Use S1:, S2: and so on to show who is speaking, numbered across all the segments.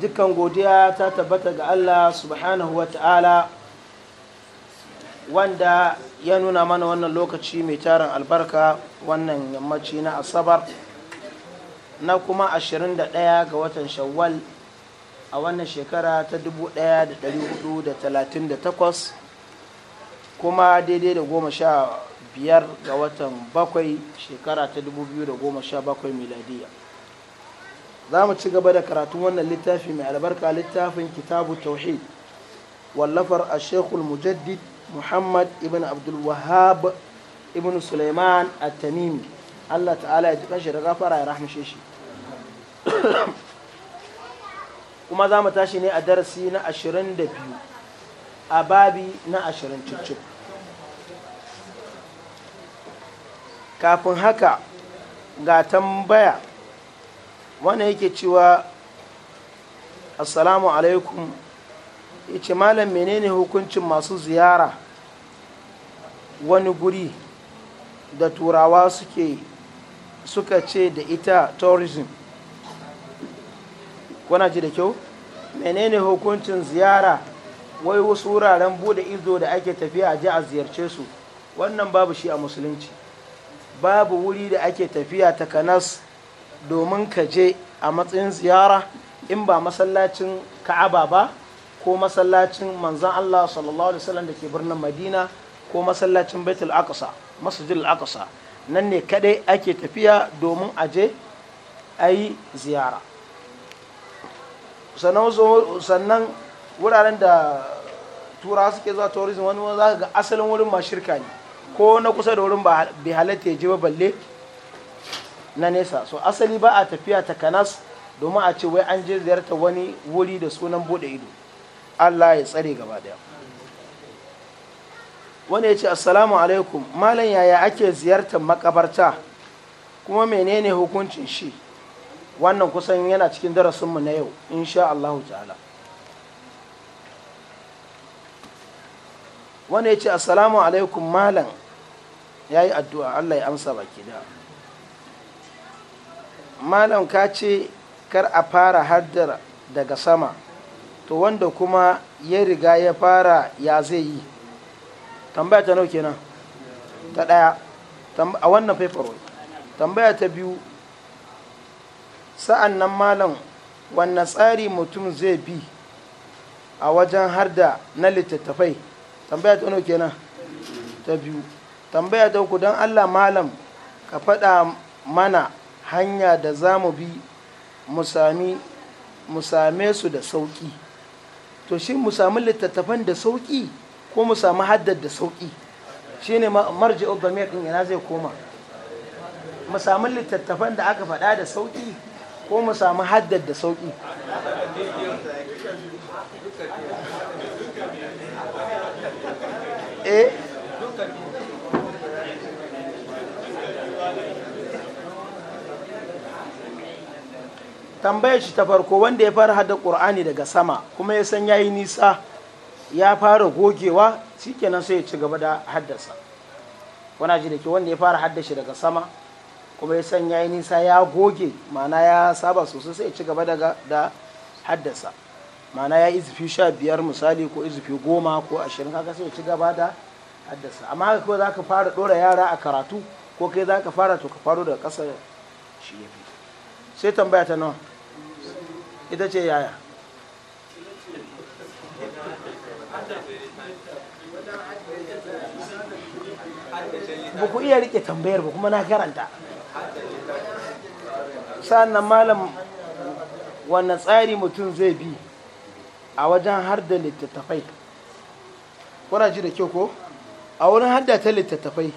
S1: dukkan godiya ta tabbata ga Allah subhanahu wa ta'ala wanda ya nuna mana wannan lokaci mai tarin albarka wannan yammaci na asabar na kuma 21 ga watan shawwal a wannan shekara ta 1438 kuma daidai da goma sha biyar ga watan bakwai shekara ta 2017 miladiyya. za mu ci gaba da karatun wannan littafi mai albarka littafin kitabu tauhid wallafar a shekul mujaddid muhammad ibn abdulwahab ibn suleiman a tamimi allah ta'ala ya jikan da gafara ya rahmashe shi kuma za mu tashi ne a darasi na ashirin da biyu a babi na ashirin cikin kafin haka ga tambaya wannan yake cewa assalamu alaikum ya ce malam menene hukuncin masu ziyara wani guri da turawa suke suka ce da ita tourism kuna ji da kyau menene hukuncin ziyara wai wasu wuraren bude ido da ake tafiya a ji a ziyarce su wannan babu shi a musulunci babu wuri da ake tafiya ta kanas domin ka je a matsayin ziyara in ba masallacin ka'aba ba ko masallacin manzan Allah sallallahu alaihi wasallam da ke birnin Madina ko masallacin Baitul Aqsa Masjidil Aqsa nan ne kadai ake tafiya domin a je a yi ziyara sannan wuraren da tura suke zuwa tourism wani za ga asalin wurin ma shirka ne ko na kusa da wurin bai halatta ya je ba balle na nesa so asali ba a tafiya ta kanas domin a ce wai an je ziyarta wani wuri da sunan bude ido Allah ya tsare gaba daya wani ya ce assalamu alaikum malam yaya ake ziyartar makabarta kuma menene hukuncin shi wannan kusan yana cikin darasinmu na yau insha Allahu ta'ala wani ya ce assalamu alaikum malam ya yi addu'a Allah ya amsa baki da malam ka ce kar a fara haddar daga sama to wanda kuma ya riga ya fara ya zai yi tambaya ta nauke nan ta ɗaya a wannan faifarwai tambaya ta biyu sa'an nan malam wanne tsari mutum zai bi a wajen harda na littattafai tambaya ta nauke nan ta biyu tambaya ta uku don allah malam ka faɗa mana hanya da za mu bi mu same su da sauƙi to shi mu sami littattafan da sauƙi ko mu sami haddad da sauƙi shi ne marji obamir ɗin yana zai koma mu sami littattafan da aka faɗa da sauƙi ko mu sami haddad da sauƙi eh tambayar shi ta farko wanda ya fara hada qur'ani daga sama kuma ya san yayi nisa ya fara gogewa shikenan sai ya ci gaba da haddasa wana ji da ke wanda ya fara haddashi daga sama kuma ya san yayi nisa ya goge ma'ana ya saba sosai sai ya ci gaba da haddasa ma'ana ya izifi sha biyar misali ko izifi goma ko ashirin haka sai ya ci gaba da haddasa amma haka kawai za ka fara ɗora yara a karatu ko kai za ka fara to ka faro daga ƙasa shi ya fi sai tambaya ta nawa ita ce yaya
S2: ba ku iya rike
S1: tambayar ba kuma na karanta sa'annan malam wanne tsari mutum zai bi a wajen har da littattafai kuna ji da kyau ko a wurin hadda ta littattafai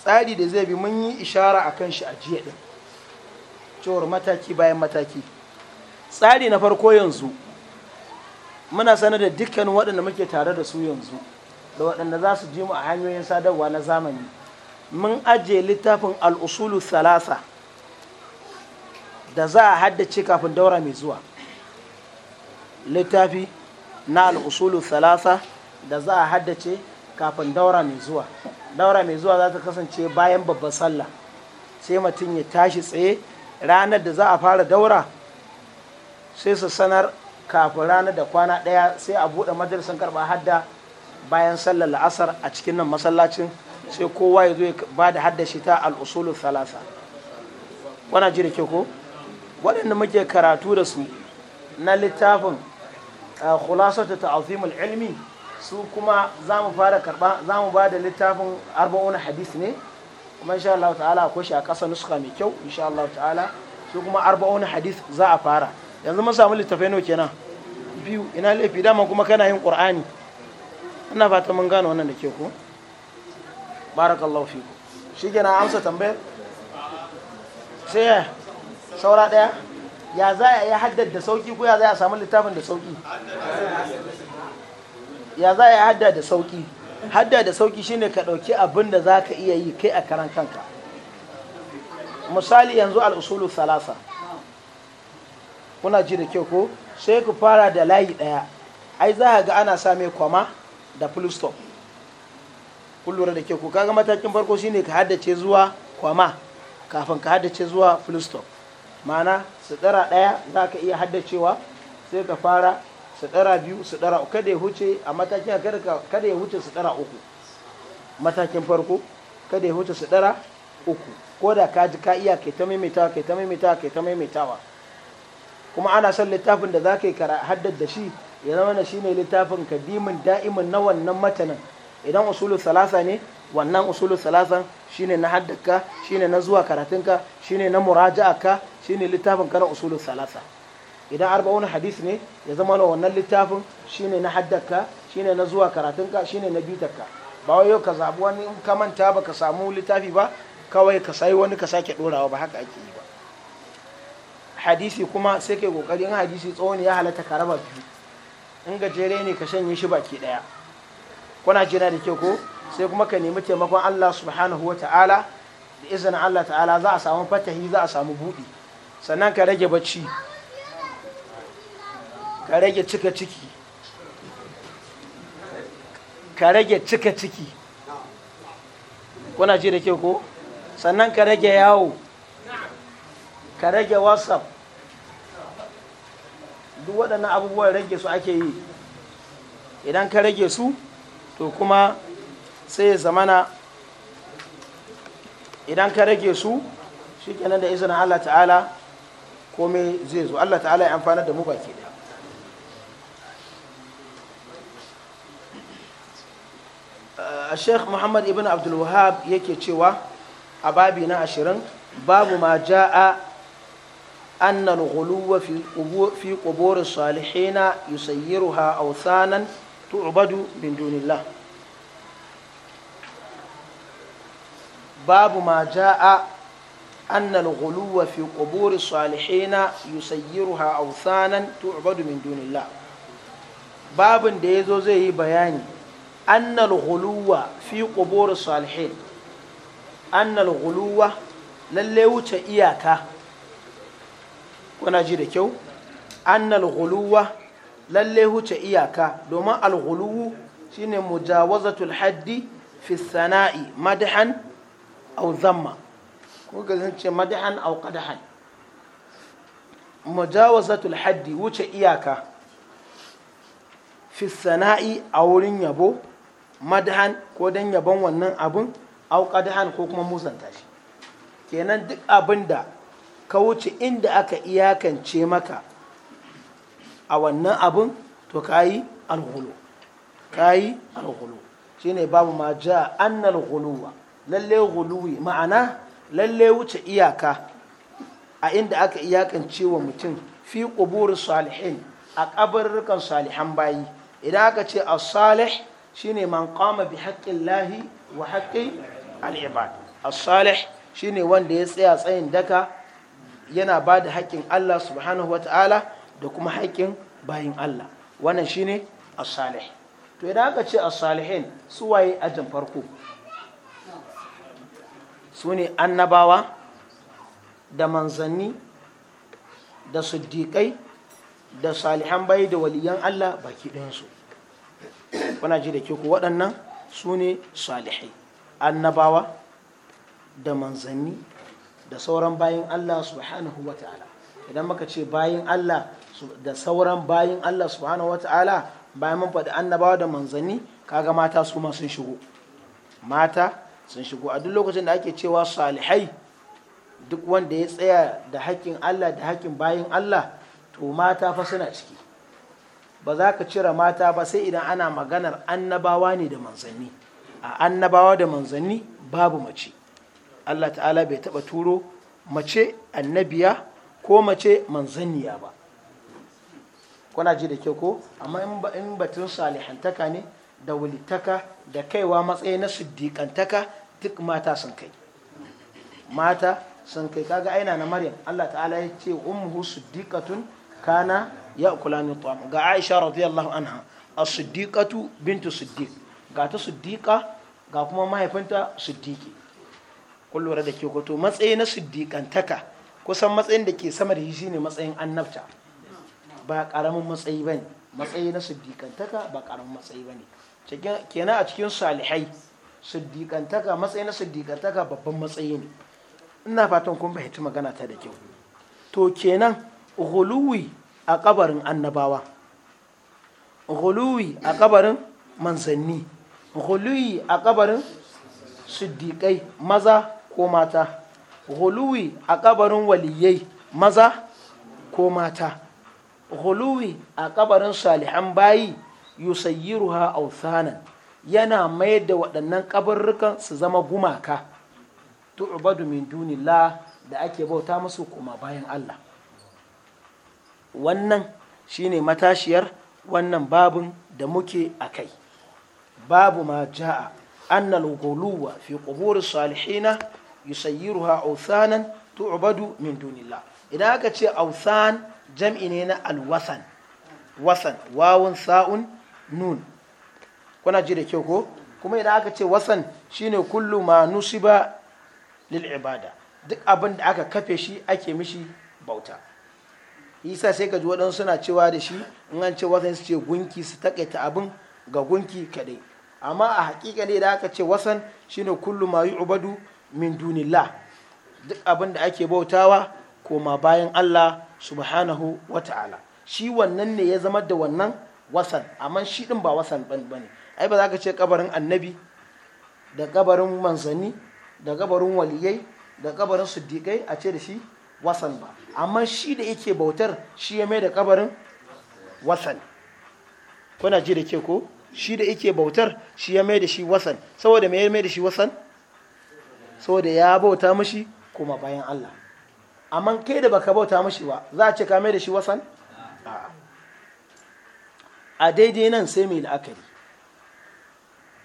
S1: tsari da zai bi mun yi ishara a kan shi a jiya ɗin. cewar mataki bayan mataki tsari na farko yanzu muna sanar da dukkan waɗanda muke tare da su yanzu da waɗanda za su ji mu a hanyoyin sadarwa na zamani mun ajiye littafin al'usulu salasa da za a haddace kafin daura mai zuwa littafi na al'usulu salasa da za a haddace kafin daura mai zuwa daura mai zuwa za ta kasance bayan babban sallah sai mutum ya tashi tsaye ranar da za a fara daura sai su sanar kafin ranar da kwana ɗaya sai a buɗe majalisar karba hadda bayan sallar la'asar a cikin nan masallacin sai kowa ya zo ya ba da hadda shi ta al'usulu thalatha wana ji da ke ko waɗanda muke karatu da su na littafin ta ta'azimul ilmi su kuma za mu fara karɓa za mu ba da littafin arba'una hadis ne kuma insha Allah ta'ala akwai shi a ƙasa nuska mai kyau insha Allah ta'ala su kuma arba'un hadith za a fara yanzu mun samu littafai nawa kenan biyu ina laifi dama kuma kana yin qur'ani ina fata mun gane wannan da ke ku barakallahu fiku shi na amsa tambayar sai ya saura daya ya za a yi haddad da sauki ko ya za a samu littafin da sauki ya za a yi haddad da sauki hadda da sauki shine ka ɗauki abin da za ka iya yi kai a karan kanka misali yanzu al'usulu salasa kuna ji da kyau ko sai ku fara da layi ɗaya ai za ga ana same kwama da plustop kun lura da kyau ko kaga matakin farko shine ka haddace zuwa kwama kafin ka haddace zuwa plustop ma'ana sutura ɗaya za ka iya haddacewa sai ka fara su ɗara biyu su ɗara kada ya huce a matakin kada ya huce su ɗara uku matakin farko kada ya huce su ɗara uku ko da ka ji ka iya kai ta maimaitawa kai ta maimaitawa kai ta maimaitawa kuma ana son littafin da za ka yi haddad da shi ya zama na shine littafin kadimin da'imin na wannan matanin idan usulu salasa ne wannan usulu shi shine na haddaka shine na zuwa karatunka shine na muraja'aka shine littafin kana usulu salasa idan arba'un hadis ne ya zama na wannan littafin shine na haddaka shine na zuwa karatunka shine na bitarka ba wai yau ka zabi wani in ka manta ba ka samu littafi ba kawai ka sai wani ka sake dorawa ba haka ake yi ba hadisi kuma sai kai kokari in hadisi tsohon ya halatta ka raba biyu in gajere ne ka shanye shi baki daya kuna jira da ke ko sai kuma ka nemi taimakon Allah subhanahu wa ta'ala da izinin Allah ta'ala za a samu fatahi za a samu buɗe sannan ka rage bacci ka rage cika ciki ka rage cika ciki kuna ji da ke ko sannan ka rage yawo ka rage whatsapp duk waɗannan abubuwan rage su ake yi idan ka rage su to kuma sai ya zamana idan ka rage su shi kenan da izinin allah ta'ala komai zai zo allah ta'ala ya amfana da mu baki ɗaya a sheikh muhammad ibn abdulwahab yake cewa a babi na ashirin babu ma ja'a annal ghuluwa fi quburin salihina yusayyiruha awthanan tu'badu min dunillah babu ma ja'a annal ghuluwa fi quburin salihina yusayyiruha awthanan tu'badu min dunillah babin da yazo zai yi bayani أن الغلو في قبور الصالحين أن الغلو للي وجه إياك kuna da kyau annal guluwa lalle huce iyaka domin alghuluwu shine mujawazatul haddi fi sana'i madhan aw zamma ko ga zance madhan wuce iyaka fi a wurin yabo madhan ko don yabon wannan abun au ko kuma musanta shi kenan duk abin da ka wuce inda aka iyakance maka a wannan abun to ka yi ka yi alhulu shi ne babu ma ja annal ghuluwa lalle huluwi ma'ana lalle wuce iyaka a inda aka iyakance wa mutum fi ƙuburin salihin a kabarrukan salihan bayi idan aka ce a salih shine man qama bi haƙƙin lahi wa haƙƙin al'ibad as-salih shine wanda ya tsaya tsayin daka yana ba da haƙƙin Allah subhanahu wa ta'ala da kuma haƙƙin bayin Allah wannan shine as-salih to idan aka ce as-salihin su waye ajin farko su ne annabawa da manzanni da siddiƙai da salihan bai da waliyan Allah baki ɗayansu kuna ji da ke ku waɗannan su ne salihai annabawa da manzanni da sauran bayin Allah subhanahu wa ta'ala idan muka ce bayin Allah da sauran bayan Allah subhanahu wa ta'ala bayan mun faɗi annabawa da manzanni kaga mata su ma sun shigo mata sun shigo a duk lokacin da ake cewa salihai duk wanda ya tsaya da haƙƙin Allah da hakkin bayan Allah to mata fa suna ciki ba za ka cire mata ba sai idan ana maganar annabawa ne da manzanni a annabawa da manzanni babu mace Allah ta'ala bai taba turo mace annabiya ko mace manzanniya ba kuna ji da ke ko amma in batun salihantaka ne da wulitaka da kaiwa matsayi na siddiƙantaka duk mata sun kai mata sun kai kaga aina na maryam Allah ta'ala ya ce ummuhu siddiqatun kana ya'kulani ta'am ga Aisha radiyallahu anha as-siddiqatu bintu siddiq ga ta siddiqa ga kuma mahaifinta siddiqi kullu lura da ke to matsayi na siddiqantaka kusan matsayin da ke sama da shi ne matsayin annabta ba karamin matsayi bane matsayi na siddiqantaka ba karamin matsayi bane kenan a cikin salihai siddiqantaka matsayi na siddiqantaka babban matsayi ne ina fatan kun fahimci magana ta da kyau to kenan ghuluwi a kabarin annabawa ghuluwi a kabarin manzanni ghuluwi a kabarin siddiƙai maza ko mata ghuluwi a kabarin waliyai maza ko mata ghuluwi a kabarin salihan bayi a authanan yana mayar da waɗannan kabarrukan su zama gumaka tu'badu min dunillah da ake bauta musu kuma bayan Allah wannan shi ne matashiyar wannan babun da muke a kai babu ma ja'a annal guluwa fi ƙuhuri salihina yusayyiruha awsanan tu'badu min dunila idan aka ce ausan jam'i ne na alwasan wasan wawun sa'un nun kuna ji da kyau ko kuma idan aka ce wasan shine kullu ma nusiba lil ibada duk abin da aka kafe shi ake mishi bauta isa sai ka ji waɗansu suna cewa da shi in an ce wasan su ce gunki su takaita abin ga gunki kaɗai amma a hakika ne da aka ce wasan shine kullu ma ubadu min dunillah duk abin da ake bautawa koma bayan Allah subhanahu wa ta'ala shi wannan ne ya zama da wannan wasan amma shi ɗin ba wasan bane ai ba za ka ce kabarin annabi da kabarin manzanni da kabarin waliyai da kabarin siddiƙai a ce da shi wasan ba amma shi da yake bautar shi ya mai da kabarin wasan kuna ji da ke ko shi da yake bautar shi ya mai da shi wasan saboda mai mai da shi wasan saboda ya bauta mashi kuma bayan Allah amma kai da baka bauta mashi ba za a ce ka mai da shi wasan a daidai nan sai mai la'akari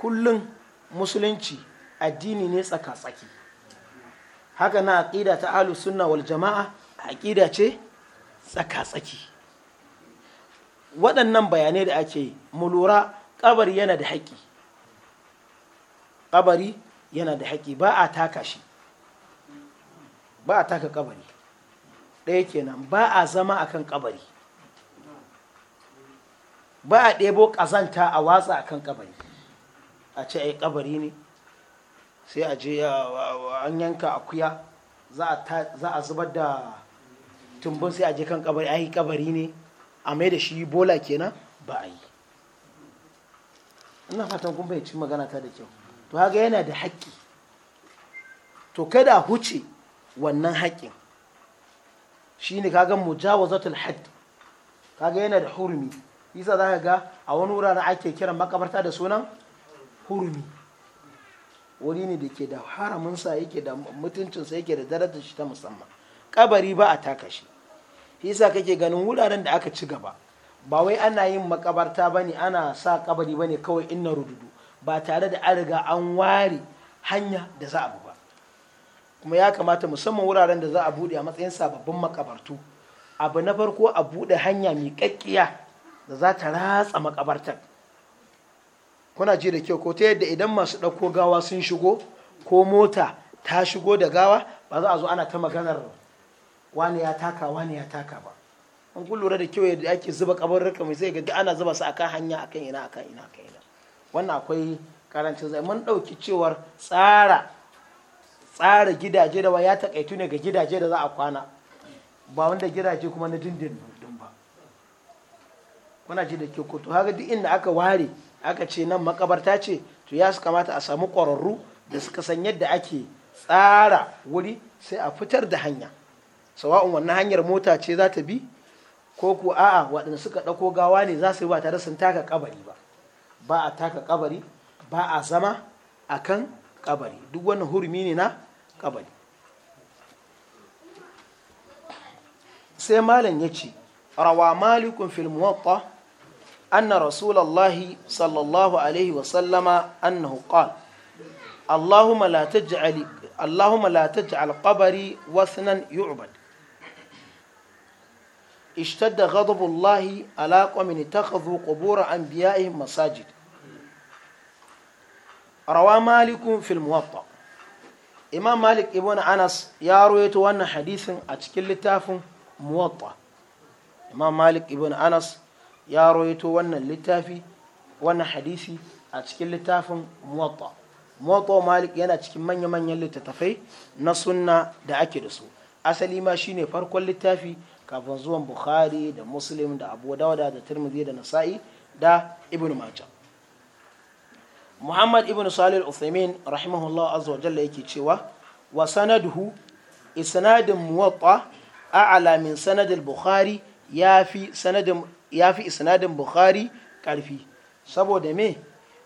S1: kullum musulunci addini ne tsaka-tsaki haka na aƙida ta alu sunna wal jama'a aƙida ce tsaka-tsaki waɗannan bayanai da ake yi mu lura ƙabari yana da haƙƙi ƙabari yana da haƙƙi ba a taka shi ba a taka ƙabari ɗaya kenan ba a zama a kan ƙabari ba a ɗebo ƙazanta a watsa a kan ƙabari a ce a yi ƙabari ne sai a je an yanka akuya za a zubar da tumbun sai a je kan kabari ai kabari ne a mai da shi bola kenan ba a yi ina fatan kun ci magana ta da kyau to haka yana da haƙƙi to kada a huce wannan haƙƙin shi ne kaga mujawazatul hadd kaga yana da hurumi yasa za ka ga a wani wurare ake kiran makabarta da sunan hurumi wuri ne da ke da haraminsa yake da mutuncinsa yake da darajar shi ta musamman kabari ba a taka shi yasa kake ganin wuraren da aka ci gaba ba wai ana yin makabarta ba ne ana sa kabari ba ne kawai inna rududu ba tare da an riga an ware hanya da za a bi ba kuma ya kamata musamman wuraren da za a buɗe a matsayin sababbin makabartu abu na farko a buɗe hanya mai kakkiya da za ta ratsa makabartar kuna ji da kyau ko ta yadda idan masu ɗauko gawa sun shigo ko mota ta shigo da gawa ba za a zo ana ta maganar wani ya taka wani ya taka ba an kun lura da kyau yadda ake zuba kabarurka mai sai ga ana zuba su akan hanya akan ina akan ina akan ina wannan akwai karancin zai mun ɗauki cewar tsara tsara gidaje da ya takaitu ne ga gidaje da za a kwana ba wanda gidaje kuma na dindin ba kuna ji da kyau ko to haka duk inda aka ware aka ce nan makabarta ce to ya su kamata a samu ƙwararru da suka san yadda ake tsara wuri sai a fitar da hanya sawa'un wannan hanyar mota ce za ta bi ko ku a'a waɗanda suka ɗauko gawa ne za su yi ba tare sun taka kabari ba ba a taka kabari ba a zama a kan kabari duk wannan hurumi ne na kabari sai malam ya ce rawa malikun filmuwa أن رسول الله صلى الله عليه وسلم أنه قال اللهم لا تجعل اللهم لا تجعل قبري وثنا يعبد اشتد غضب الله على قوم اتخذوا قبور أنبيائهم مساجد روى مالك في الموطأ إمام مالك ابن أنس يا رويت وأن حديث أتكلم تاف موطأ إمام مالك ابن أنس ya rawaito wannan littafi wannan hadisi a cikin littafin muwatta muwatta malik yana cikin manya-manyan littattafai na sunna da ake da su asali ma shine farkon littafi kafin zuwan bukhari da muslim da abu dawada da tirmidhi da nasa'i da ibn maja muhammad ibn salih al-uthaymin rahimahullah azza wa jalla yake cewa wa sanaduhu isnadin muwatta a'la min sanadil bukhari ya fi sanadin ya fi isnadin bukhari ƙarfi saboda me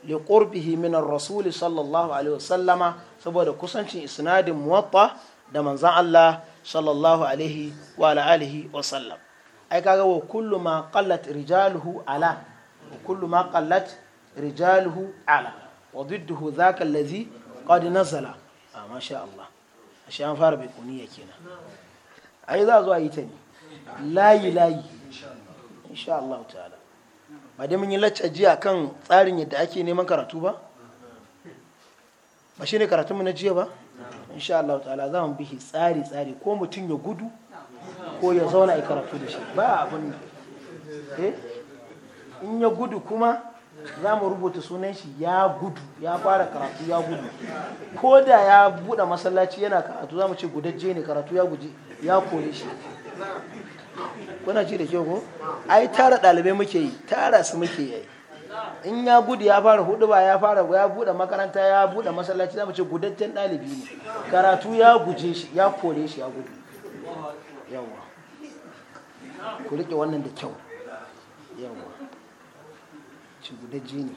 S1: li qurbihi min ar-rasul sallallahu alaihi wasallama saboda kusancin isnadin muwatta da manzon Allah sallallahu alaihi wa alihi wa sallam ai kaga wa kullu ma qallat rijaluhu ala wa kullu ma qallat rijaluhu ala wa dudduhu dhaka allazi qad nazala a ah, masha Allah ashe an fara bai kuniya kenan ai za zo a yi ta ne layi layi insha Allah ta'ala ba dai mun yi lacca jiya kan tsarin yadda ake neman karatu ba ba shine karatun mu na jiya ba insha Allah ta'ala za mu bihi tsari tsari ko mutum ya gudu ko ya zauna a karatu da shi ba abin eh in ya gudu kuma za mu rubuta sunan shi ya gudu ya fara karatu ya gudu ko da ya buɗe masallaci yana karatu za mu ce gudajje ne karatu ya guji ya kore shi kuna ji da ke ko ai tara dalibai muke yi tara su muke yi in ya gudu ya fara hudu ba ya fara ya bude makaranta ya bude masallaci mu ce gudaccen dalibi ne karatu ya guje shi ya kore shi ya gudu yawa ku riƙe wannan da kyau yawa ci gudajje ne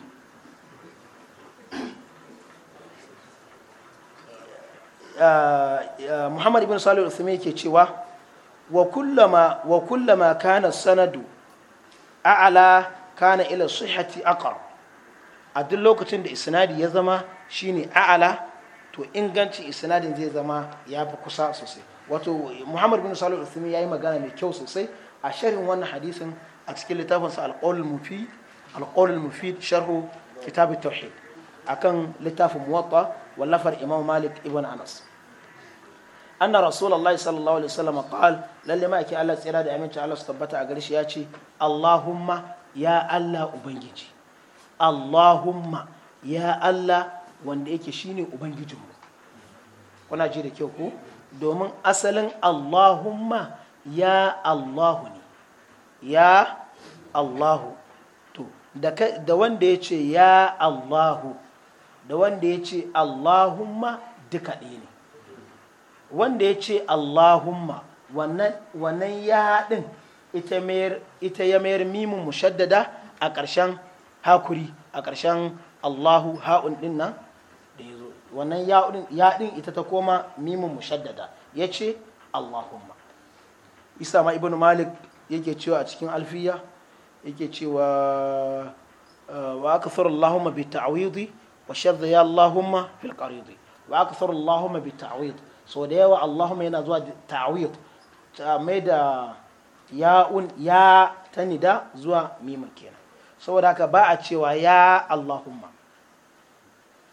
S1: ah, ah, muhammad ibn salih al-uthman yake cewa wa kullama kana sanadu a'ala kana ila sihati aqrab a duk lokacin da isnadi ya zama shine a'ala to ingancin isnadin zai zama ya fi kusa sosai wato muhammad bin salih al ya yi magana mai kyau sosai a sharhin wannan hadisin a cikin littafinsa alqaulul mufid alqaulul mufid sharhu kitab tauhid akan littafin muwatta wallafar imam malik ibn anas anna rasulullahi sallallahu alaihi wasallam qal lalle ma yake Allah tsira da aminci Allah su tabbata a garshi ya ce Allahumma ya Allah ubangiji Allahumma ya Allah wanda yake shine ubangijinmu kuna ji da kyau ko domin asalin Allahumma ya Allahu ne ya Allahu to da wanda ya ce ya Allahu da wanda ya ce Allahumma duka ɗaya ne wanda ya ce Allahumma wannan ya haɗin ita ya mayar mimin mushaddada a ƙarshen hakuri a ƙarshen Allahu ha'un ɗin nan da ya zo wannan ya ɗin ita ta koma mimin mushaddada ya ce Allahumma isa ma ibn malik yake cewa a cikin alfiya yake cewa wa akthar Allahumma bi wa shadda ya Allahumma fil qaridi wa akthar Allahumma bi so da yawa allahu yana zuwa ta'awid ta mai da ya'un ya ta nida zuwa mima kenan saboda haka ba a cewa ya Allahumma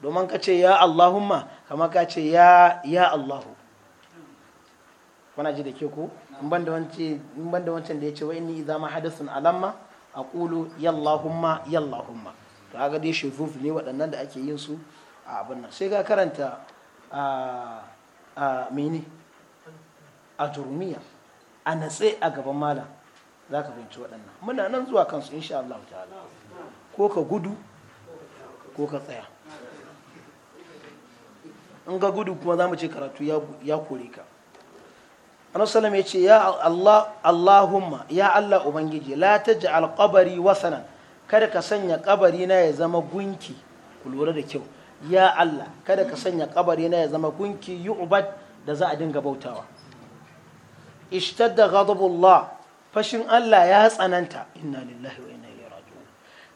S1: domin ka ce ya Allahumma kamar ka ce ya ya Allahu wana ji da ke ku in ban da wancan da ya ce wa inni zama ma alamma aqulu ya Allahumma ya Allahumma to kaga dai shufuf ne waɗannan da ake yin su a abin nan sai ka karanta a ah, a mini a turmiya a natse a gaban malam za ka fahimci waɗannan muna nan zuwa kansu insha Allah ta'ala ko ka gudu ko ka tsaya in ga gudu kuma za mu ce karatu ya kore ka anasalam ya ce ya Allah Allahumma ya Allah Ubangiji la ji alƙabari wasanan kada ka sanya ƙabari na ya zama gunki ku lura da kyau ya Allah kada ka sanya kabari na ya zama gunki yu'bad da za a dinga bautawa ishtadda ghadabullah fashin Allah ya tsananta inna lillahi wa inna ilaihi raji'un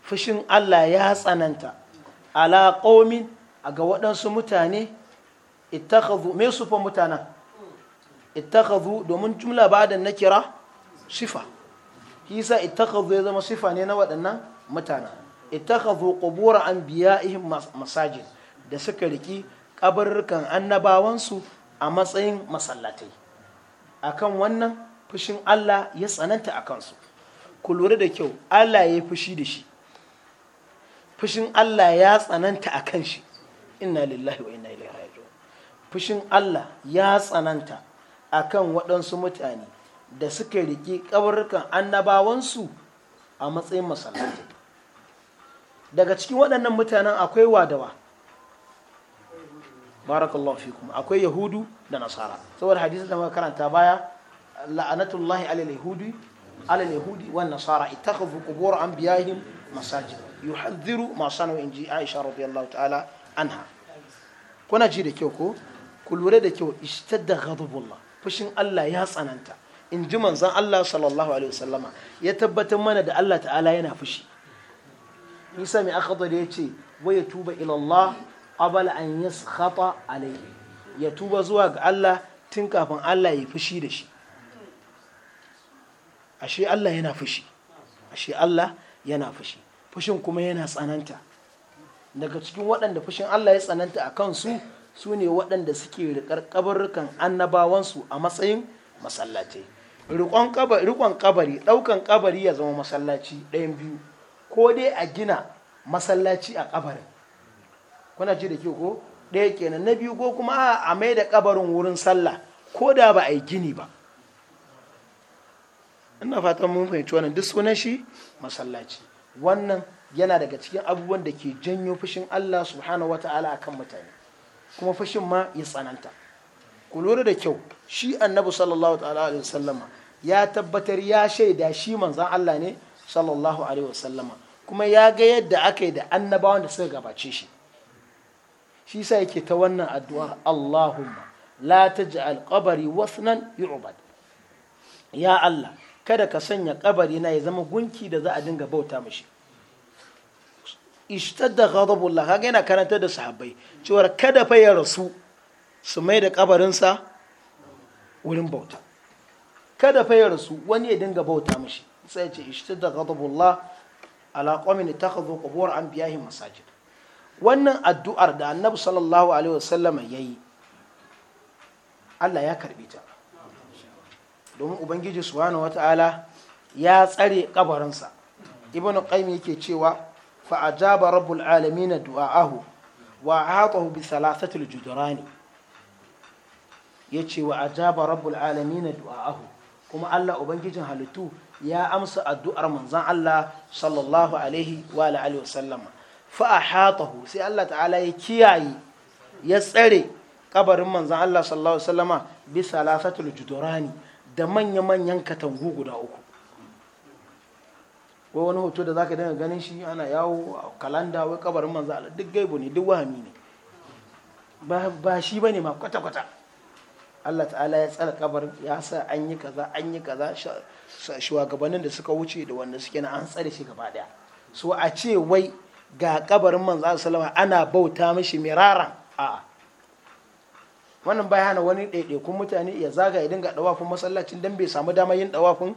S1: fashin Allah ya tsananta ala qaumin ga waɗansu mutane ittakhadhu me fa mutanen ittakhadhu domin jumla ba'da nakira sifa kisa ittakhadhu ya zama sifa ne na waɗannan mutanen ittakhadhu qubur anbiya'ihim masajid da suka riki kabarrukan annabawansu a matsayin masallatai akan wannan fushin Allah ya tsananta a kansu ku lura da kyau Allah ya fushi da shi fushin Allah ya tsananta a kan shi inna lillahi wa inna ilaihi raji'un fushin Allah ya tsananta akan kan waɗansu mutane da suka riƙi ƙabarrukan annabawansu a matsayin masallatai daga cikin waɗannan mutanen akwai wadawa barakallahu kuma akwai yahudu da nasara saboda hadisi da karanta baya la'anatullahi alal yahudi alal yahudi wan nasara ittakhadhu qubur anbiya'ihim masajid yuhadhdhiru ma sanu inji aisha radiyallahu ta'ala anha kuna ji da kyau ko ku lura da kyau ishtadda ghadabullah fushin Allah ya tsananta Inji manzon Allah sallallahu alaihi wasallama ya tabbatar mana da Allah ta'ala yana fushi isa mai akhdar ya ce wa ya tuba ilallah qabla an yaskhata alayhi ya tuba zuwa ga Allah tun kafin Allah ya fushi da shi ashe Allah yana fushi ashe Allah yana fushi fushin kuma yana tsananta daga cikin waɗanda fushin Allah ya tsananta a kansu su ne waɗanda suke riƙar ƙabarrukan annabawansu a matsayin masallaci riƙon ƙabari ɗaukan ƙabari ya zama masallaci ɗayan biyu ko dai a gina masallaci a kabarin kuna ji da ke ko ɗaya kenan na biyu ko kuma a mai da kabarin wurin sallah ko da ba a yi gini ba ina fatan mun fahimci wannan duk sunan shi masallaci wannan yana daga cikin abubuwan da ke janyo fushin Allah subhanahu wata'ala akan mutane kuma fushin ma ya tsananta ku lura da kyau shi annabi sallallahu alaihi wasallama ya tabbatar ya shaida shi manzan Allah ne sallallahu alaihi wasallama kuma ya ga yadda aka yi da annabawan da suka gabace shi shi sa yake ta wannan addu'ar Allahumma la taj'al qabari wasnan yu'bad ya Allah kada ka sanya ƙabari na ya zama gunki da za a dinga bauta mashi da ghadabullah kaga yana karantar da sahabbai cewa kada fa ya rasu su mai da ƙabarinsa wurin bauta kada fa ya rasu wani ya dinga bauta mashi sai ce ishtar da ghadabullah ala qawmin ittakhadhu qubur anbiya'ihim masajid wannan addu'ar da annabi sallallahu alaihi wasallama yayi Allah ya karbi ta domin ubangiji subhanahu wata'ala ya tsare kabarinsa ibnu qayyim yake cewa fa ajaba rabbul alamin du'aahu wa ahatahu bi thalathatil judurani yace wa ajaba rabbul alamin du'aahu kuma Allah ubangijin halittu ya amsa addu'ar manzan Allah sallallahu alaihi wa alihi wasallama fa ahatahu sai Allah ta'ala ya kiyaye ya tsare kabarin manzan Allah sallallahu alaihi bisa bi salasatul da manya-manyan katangu guda uku wai wani hoto da ka dinga ganin shi ana yawo a kalanda wai kabarin manzan Allah duk gaibu ne duk wahami ne ba shi ne ma kwata-kwata Allah ta'ala ya tsara kabarin ya sa an yi kaza an yi kaza shugabannin da suka wuce da wanda suke na an tsare shi gaba daya so a ce wai ga kabarin manzo sallama ana bauta mishi miraran a'a wannan bai hana wani ɗaiɗaikun mutane ya zaga ya dinga ɗawafin masallacin dan bai samu damar yin ɗawafin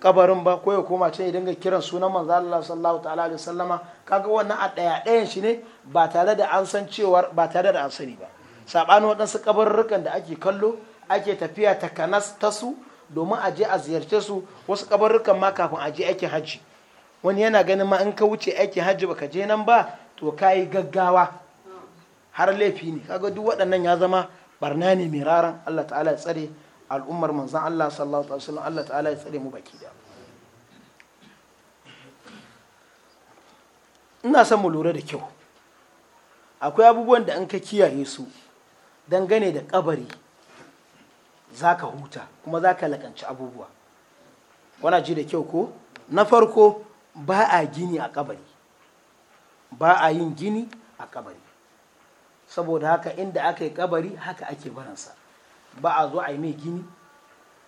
S1: kabarin ba ko ya koma can ya dinga kiran sunan manzo Allah sallallahu ta'ala alaihi sallama kaga wannan a daya ɗayan shi ne ba tare da an san cewar ba tare da an sani ba sabanin waɗansu kabarurrukan da ake kallo ake tafiya ta kanas ta su domin a je a ziyarce su wasu kabarrukan ma kafin a je aikin hajji wani yana ganin ma in ka wuce aikin hajji baka je nan ba to ka yi gaggawa har laifi ne kaga duk waɗannan ya zama barna ne mai raran Allah ta'ala ya tsare al'ummar manzan Allah sallallahu alaihi wasallam Allah ta'ala ya tsare mu baki da ina son mu lura da kyau akwai abubuwan da an ka kiyaye su dangane da kabari za ka huta kuma za ka lakanci abubuwa wana ji da kyau ko na farko ba a gini a kabari ba a yin gini a kabari saboda haka inda aka yi kabari haka ake baransa ba a zo a yi mai gini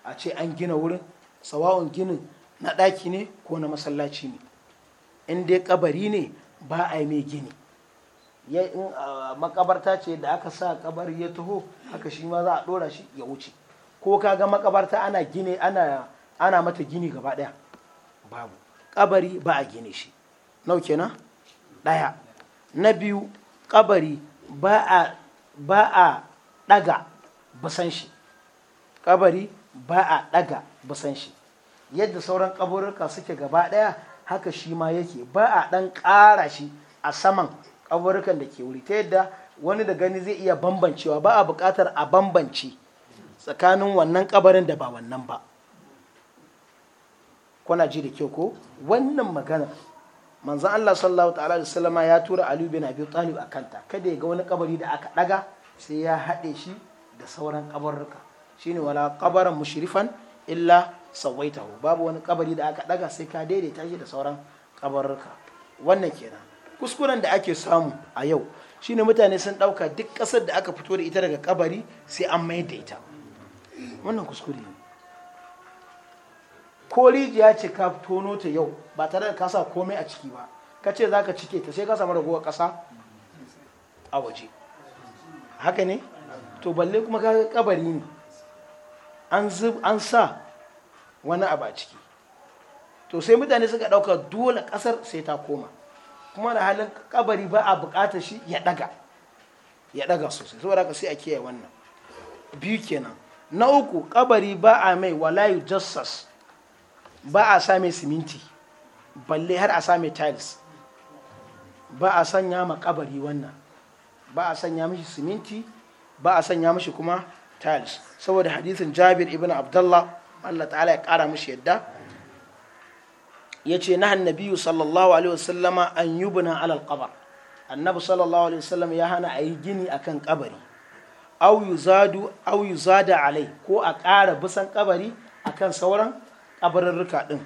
S1: a ce an gina wurin sawa'un ginin na ɗaki ne ko na masallaci ne Inda dai kabari ne ba a yi mai gini makabarta ce da aka sa kabari ya taho haka shi ma za a ɗora shi ya wuce ko ka ga makabarta ana gine ana ana mata gini gaba daya babu kabari ba a gine shi nau kenan daya na biyu kabari ba a ba a daga basan shi kabari ba a daga basan shi yadda sauran kaburuka suke gaba daya haka shi ma yake ba a dan ƙara shi a saman kaburukan da ke wuri ta yadda wani da gani zai iya bambancewa ba a buƙatar a bambance tsakanin wannan kabarin da ba wannan ba kuna ji da kyau ko wannan magana manzan Allah sallallahu ta'ala da salama ya tura Ali bin Abi Talib a kanta kada ya ga wani kabari da aka daga sai ya haɗe shi da sauran kabarruka shine wala kabaran mushrifan illa sawaitahu babu wani kabari da aka daga sai ka daidaita shi da sauran kabarruka wannan kenan kuskuren da ake samu a yau shine mutane sun dauka duk kasar da aka fito da ita daga kabari sai an mai da ita wannan kuskure ne ko rijiya ce ka tono ta yau ba tare da kasa komai a ciki ba ka ce za ka cike ta sai ka samu ragowar kasa a waje haka ne to balle kuma ka kabari ne an sa wani abu a ciki to sai mutane suka ɗauka dole kasar sai ta koma kuma da halin kabari ba a buƙatar shi ya ɗaga ya ɗaga sosai saboda haka sai a kiyaye wannan biyu kenan na uku kabari ba a mai walayu jassas ba a sa siminti balle har a sa mai tiles ba a sanya ma kabari wannan ba a sanya mishi siminti ba a sanya mishi kuma tiles saboda hadisin jabir ibn abdullah Allah ta'ala ya kara mishi yadda ya ce na hannabiyu sallallahu alaihi wasallama an yubna alal kabar annabi sallallahu alaihi wasallam ya hana a yi gini akan kabari au zadu au yuzada alai ko a ƙara bisan kabari akan sauran kabarurruka din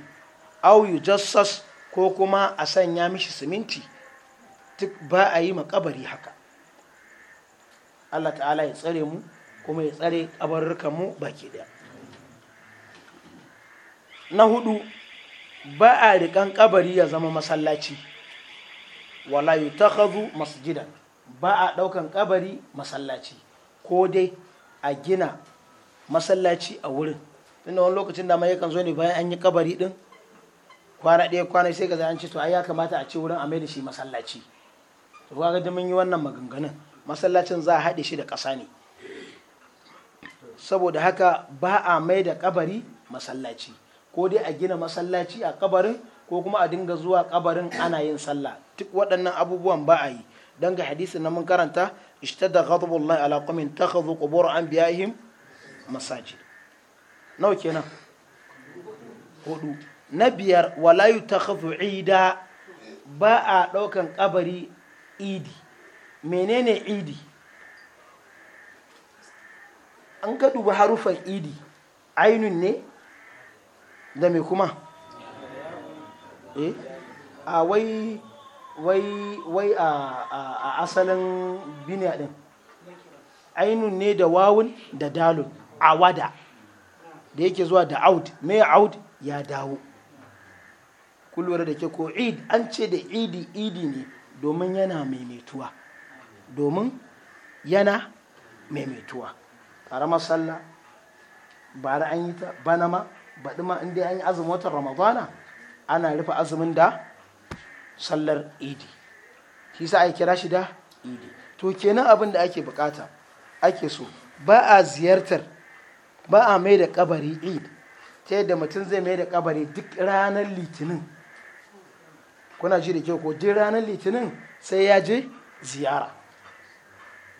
S1: au jassas ko kuma a sanya mishi siminti duk ba a yi ma kabari haka Allah ta'ala ya tsare mu kuma ya tsare kabarurrukan mu baki daya na hudu ba a rikan kabari ya zama masallaci wala yutakhadhu masjidan ba a daukan kabari masallaci ko dai a gina masallaci a wurin tunda wani lokacin da kan zo ne bayan an yi kabari din kwana ɗaya kwana sai ga an ce to ai ya kamata a ce wurin a maida shi masallaci to ga da mun yi wannan maganganun masallacin za a haɗe shi da ƙasa ne saboda haka ba a mai da kabari masallaci ko dai a gina masallaci a kabarin ko kuma a dinga zuwa kabarin ana yin sallah duk waɗannan abubuwan ba a yi don ga hadisi na mun karanta اشتد غضب الله على قوم اتخذوا قبور انبيائهم مساجد nawa kenan hudu na biyar wala yutakhadhu ida ba a ɗaukan ƙabari idi menene idi an ka duba harufan idi ainun ne da kuma a wai wai a asalin biniya din ainun ne da wawun da dalun a wada. da yake zuwa da out mai out ya dawo kulwara da ke ko id an ce da idi idi ne domin yana maimaituwa domin yana maimaituwa ƙaramar sallah da an yi ta bana ma baɗi ma inda an yi azumin watan ramadana ana rufe azumin da sallar idi shi sa ake kira shi da idi to kenan abin da ake bukata ake so ba a ziyartar ba a mai da kabari idi ta yadda mutum zai mai da kabari duk ranar litinin kuna ji da kyau ko duk ranar litinin sai ya je ziyara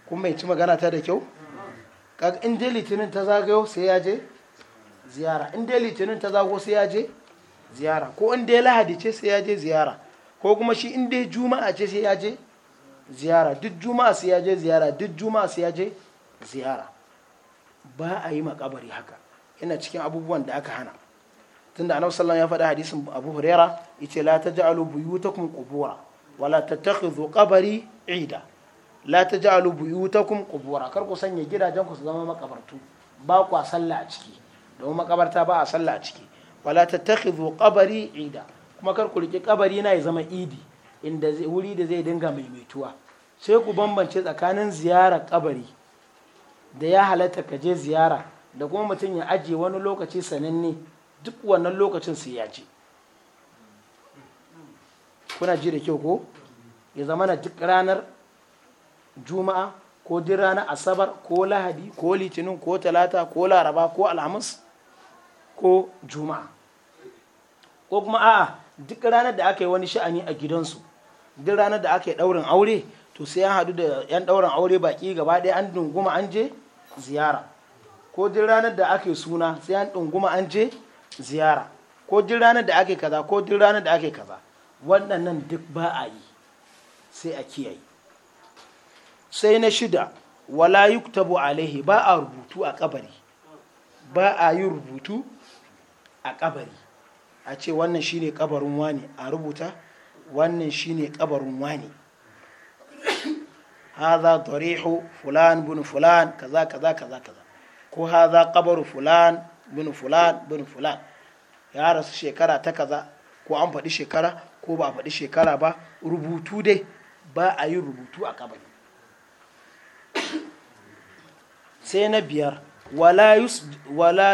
S1: kuma mai ci magana ta da kyau in dai litinin ta zagayo sai ya je ziyara in dai litinin ta zago sai ya je ziyara ko in dai lahadi ce sai ya je ziyara ko kuma shi in dai juma'a ce sai ya je ziyara duk juma'a sai ya je ziyara duk juma'a sai ya je ziyara ba a yi makabari haka yana cikin abubuwan da aka hana tunda annabi sallallahu ya faɗa hadisin Abu Huraira yace la taj'alu buyutakum qubura wala tattakhidhu qabari ida la taj'alu buyutakum qubura kar ku sanya gidajen ku su zama makabartu ba a sallah a ciki domin makabarta ba a sallah a ciki wala tattakhidhu qabari ida kuma kar ku riƙe kabari na ya zama idi inda wuri da zai dinga maimaituwa sai ku bambance tsakanin ziyara kabari da ya halatta ka je ziyara da kuma mutum ya ajiye wani lokaci sananne duk wannan lokacin sai ya ce kuna ji da kyau ko ya zama na duk ranar juma'a ko duk ranar asabar ko lahadi ko litinin ko talata ko laraba ko alhamis ko juma'a ko kuma a'a duk ranar da aka yi wani sha'ani a gidansu duk ranar da aka yi ɗaurin aure to sai an haɗu da 'yan ɗaurin aure baki gaba ɗaya an dunguma an je ziyara ko duk ranar da aka yi suna sai an dunguma an je ziyara ko duk ranar da aka yi kaza ko duk ranar da aka yi kaza waɗannan duk ba a yi sai a kiyaye sai na shida wala yuktabu alaihi ba a rubutu a kabari ba a yi rubutu a kabari a ce wannan shine kabarin wani a rubuta wannan shine kabarin wani haza tarihu fulan bin fulan kaza kaza kaza kaza ko haza kabaru fulan bin fulan bin fulan ya rasu shekara ta kaza ko an faɗi shekara ko ba a faɗi shekara ba rubutu dai ba a yi rubutu a kabari sai na biyar wala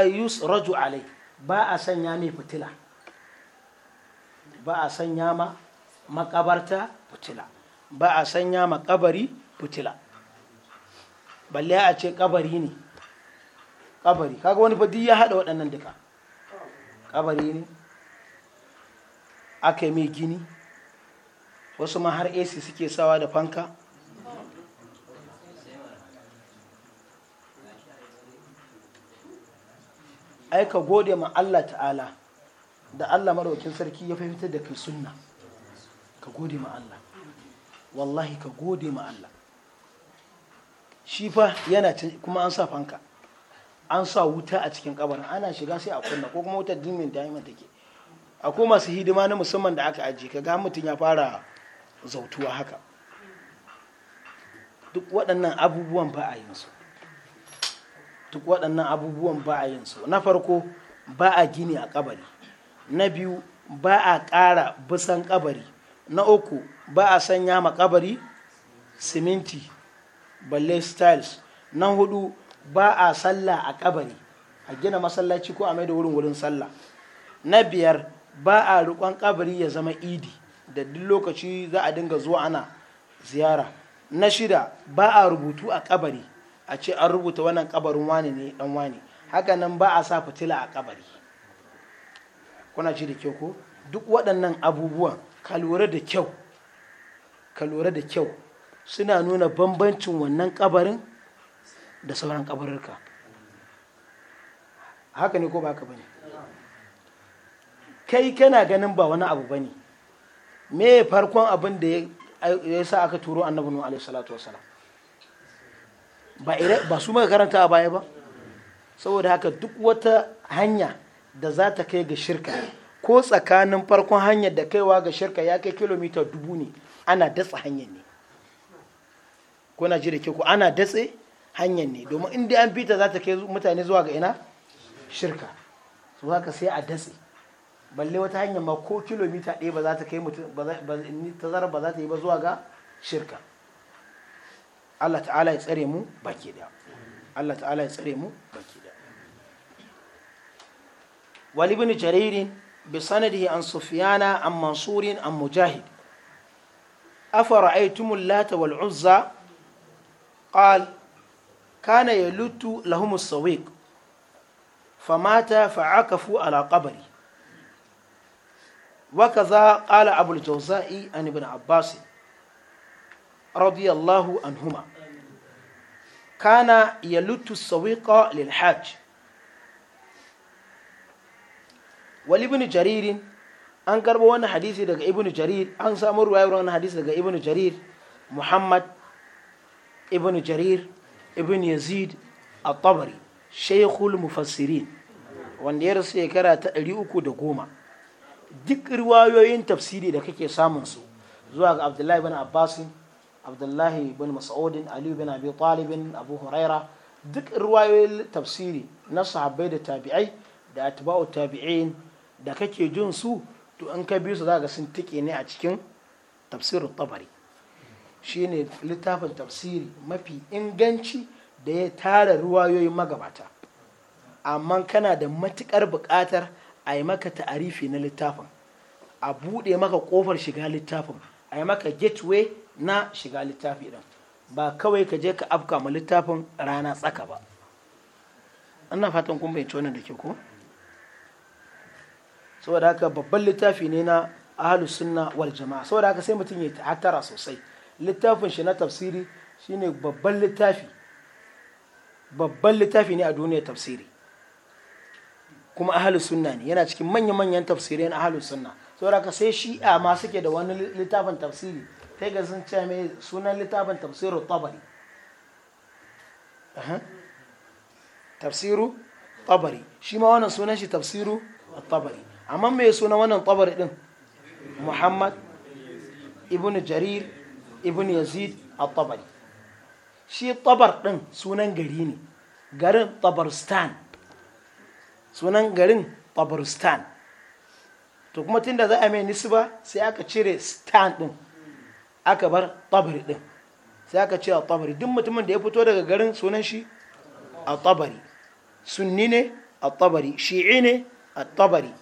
S1: yus raju alai ba a sanya mai fitila ba a sanya ma makabarta fitila ba a sanya ma kabari fitila balle a ce kabari ne kabari kaga wani fadi ya hada waɗannan duka kabari ne aka yi mai gini wasu ma har ac suke sawa da fanka aika gode ma Allah ta'ala da Allah maraukin sarki ya fahimtar da kai sunna ka gode ma Allah wallahi ka gode ma Allah shi fa yana kuma an sa fanka an sa wuta a cikin kabarin ana shiga sai a kunna ko kuma wutar dimin diamond take akwai masu hidima na musamman da aka ajiye ga mutum ya fara zautuwa haka duk waɗannan abubuwan ba a yin su duk waɗannan abubuwan ba a yin su na farko ba a gini a kabari na biyu ba a ƙara busan kabari na uku ba a sanya ma kabari siminti balle styles na hudu ba a sallah a kabari a gina masallaci ko a maida da wurin wurin sallah na biyar ba a rukon kabari ya zama idi da duk lokaci za a dinga zuwa ana ziyara na shida ba a rubutu a kabari a ce an rubuta wannan kabarin wane ne dan wane haka nan ba a sa fitila a kabari kuna ce da kyau ko duk waɗannan abubuwan ka lura da kyau ka lura da kyau suna nuna bambancin wannan kabarin da sauran kabarurka haka ne ko ba ka bane kai kana ganin ba wani abu bane me farkon abin da ya sa aka turo annabi nuhu alaihi salatu wasalam ba su muka karanta a baya ba saboda haka duk wata hanya da za ta kai ga shirka ko tsakanin farkon hanyar da kaiwa ga shirka ya kai kilomita dubu ne ana datsa hanyar ne ko na ji da ke ku ana datse hanyar ne domin inda an fita za ta kai mutane zuwa ga ina shirka su haka sai a datse balle wata hanyar ma ko kilomita ɗaya ba za ta kai mutum ba tazarar ba za ta yi ba zuwa ga shirka Allah ta'ala ya tsare mu baki da Allah ta'ala ya tsare mu baki wal jaririn jarir bi sanadihi an sufyana an mansur an mujahid afara'aytum lat wal uzza qal kana yalutu lahum as-sawiq famata fa'akafu ala qabri وكذا قال أبو الجوزاء عن ابن عباس رضي الله عنهما كان يلت السويق للحاج wal ibn jaririn an karbo wannan hadisi daga ibn jarir an samu ruwayar wannan hadisi daga ibn jarir muhammad ibn jarir ibn yazid at-tabari shaykhul mufassirin wanda ya rasu shekara ta 310 duk riwayoyin tafsiri da kake samun su zuwa ga abdullahi bin abbas abdullahi bin mas'ud ali bin abi talib abu huraira duk riwayoyin tafsiri na sahabbai da tabi'ai da atba'u tabi'in da kake jin su to in ka biyu su za ga sun tike ne a cikin tafsirin tabari ne littafin tafsiri mafi inganci da ya tara ruwayoyin magabata amma kana da matukar bukatar a yi maka ta'arifi na littafin a buɗe maka ƙofar shiga littafin a yi maka gateway na shiga littafi ɗin ba kawai ka je ka afka ma littafin rana tsaka ba ina fatan kun bayyance wannan da ke ko saboda haka babban littafi ne na ahlus sunna wal jama'a saboda haka sai mutum ya ta'attara sosai littafin shi na tafsiri shine babban littafi babban littafi ne a duniyar tafsiri kuma ahlus sunna ne yana cikin manya manyan tafsirai na ahlus sunna saboda haka sai shi a ma suke da wani littafin tafsiri sai ga sun ce mai sunan littafin tafsirin tabari tafsiru tabari shi ma wannan sunan shi tafsiru tabari amma mai suna wannan tsabar din muhammad ibn jarir ibn yazid al-tabari shi tabar din sunan gari ne garin tabarstan sunan garin tabarstan to kuma tunda za a mai nisba sai aka cire stan din aka bar tabari din sai aka ce al-tabari duk mutumin da ya fito daga garin sunan shi al-tabari sunni ne al-tabari shi'i ne al-tabari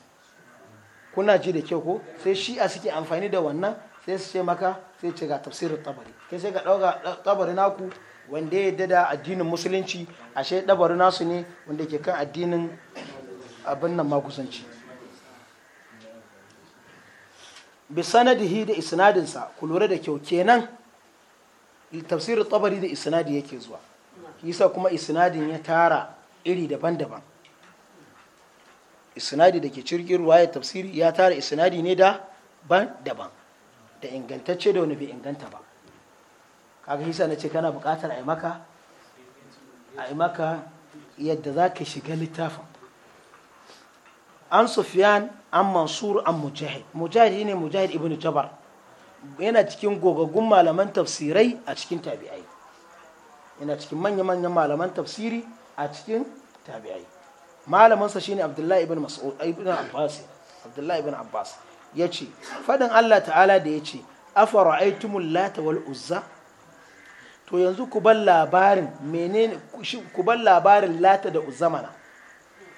S1: kuna ji da kyau ko sai shi'a suke amfani da wannan sai su ce maka sai ce ga tafsirin tabari kai sai ka ɗauka tabari naku wanda ya dada addinin musulunci a ashe ɗabari nasu ne wanda ke kan addinin abin nan makusanci bi sanadihi da isnadinsa ku lura da kyau kenan tafsirin tabari da isnadi yake zuwa kiyasa kuma isnadin ya tara iri daban-daban isnadi da ke cirki ruwayar tafsiri ya tara isnadi ne da ban daban da ingantacce da wani bai inganta ba kaga hisa na ce kana bukatar a maka a maka yadda za ka shiga littafin an sufiyan an mansur an mujahid mujahid ne mujahid ibn jabar yana cikin gogaggun malaman tafsirai a cikin tabi'ai yana cikin manya-manyan malaman tafsiri a cikin tabi'ai malaminsa shine abdullahi ibn mas'ud eh, ibn abbas abdullahi ibn abbas yace fadin Allah ta'ala da yace afara'aytumul lata wal uzza to yanzu ku bar labarin menene ku bar labarin lata da mana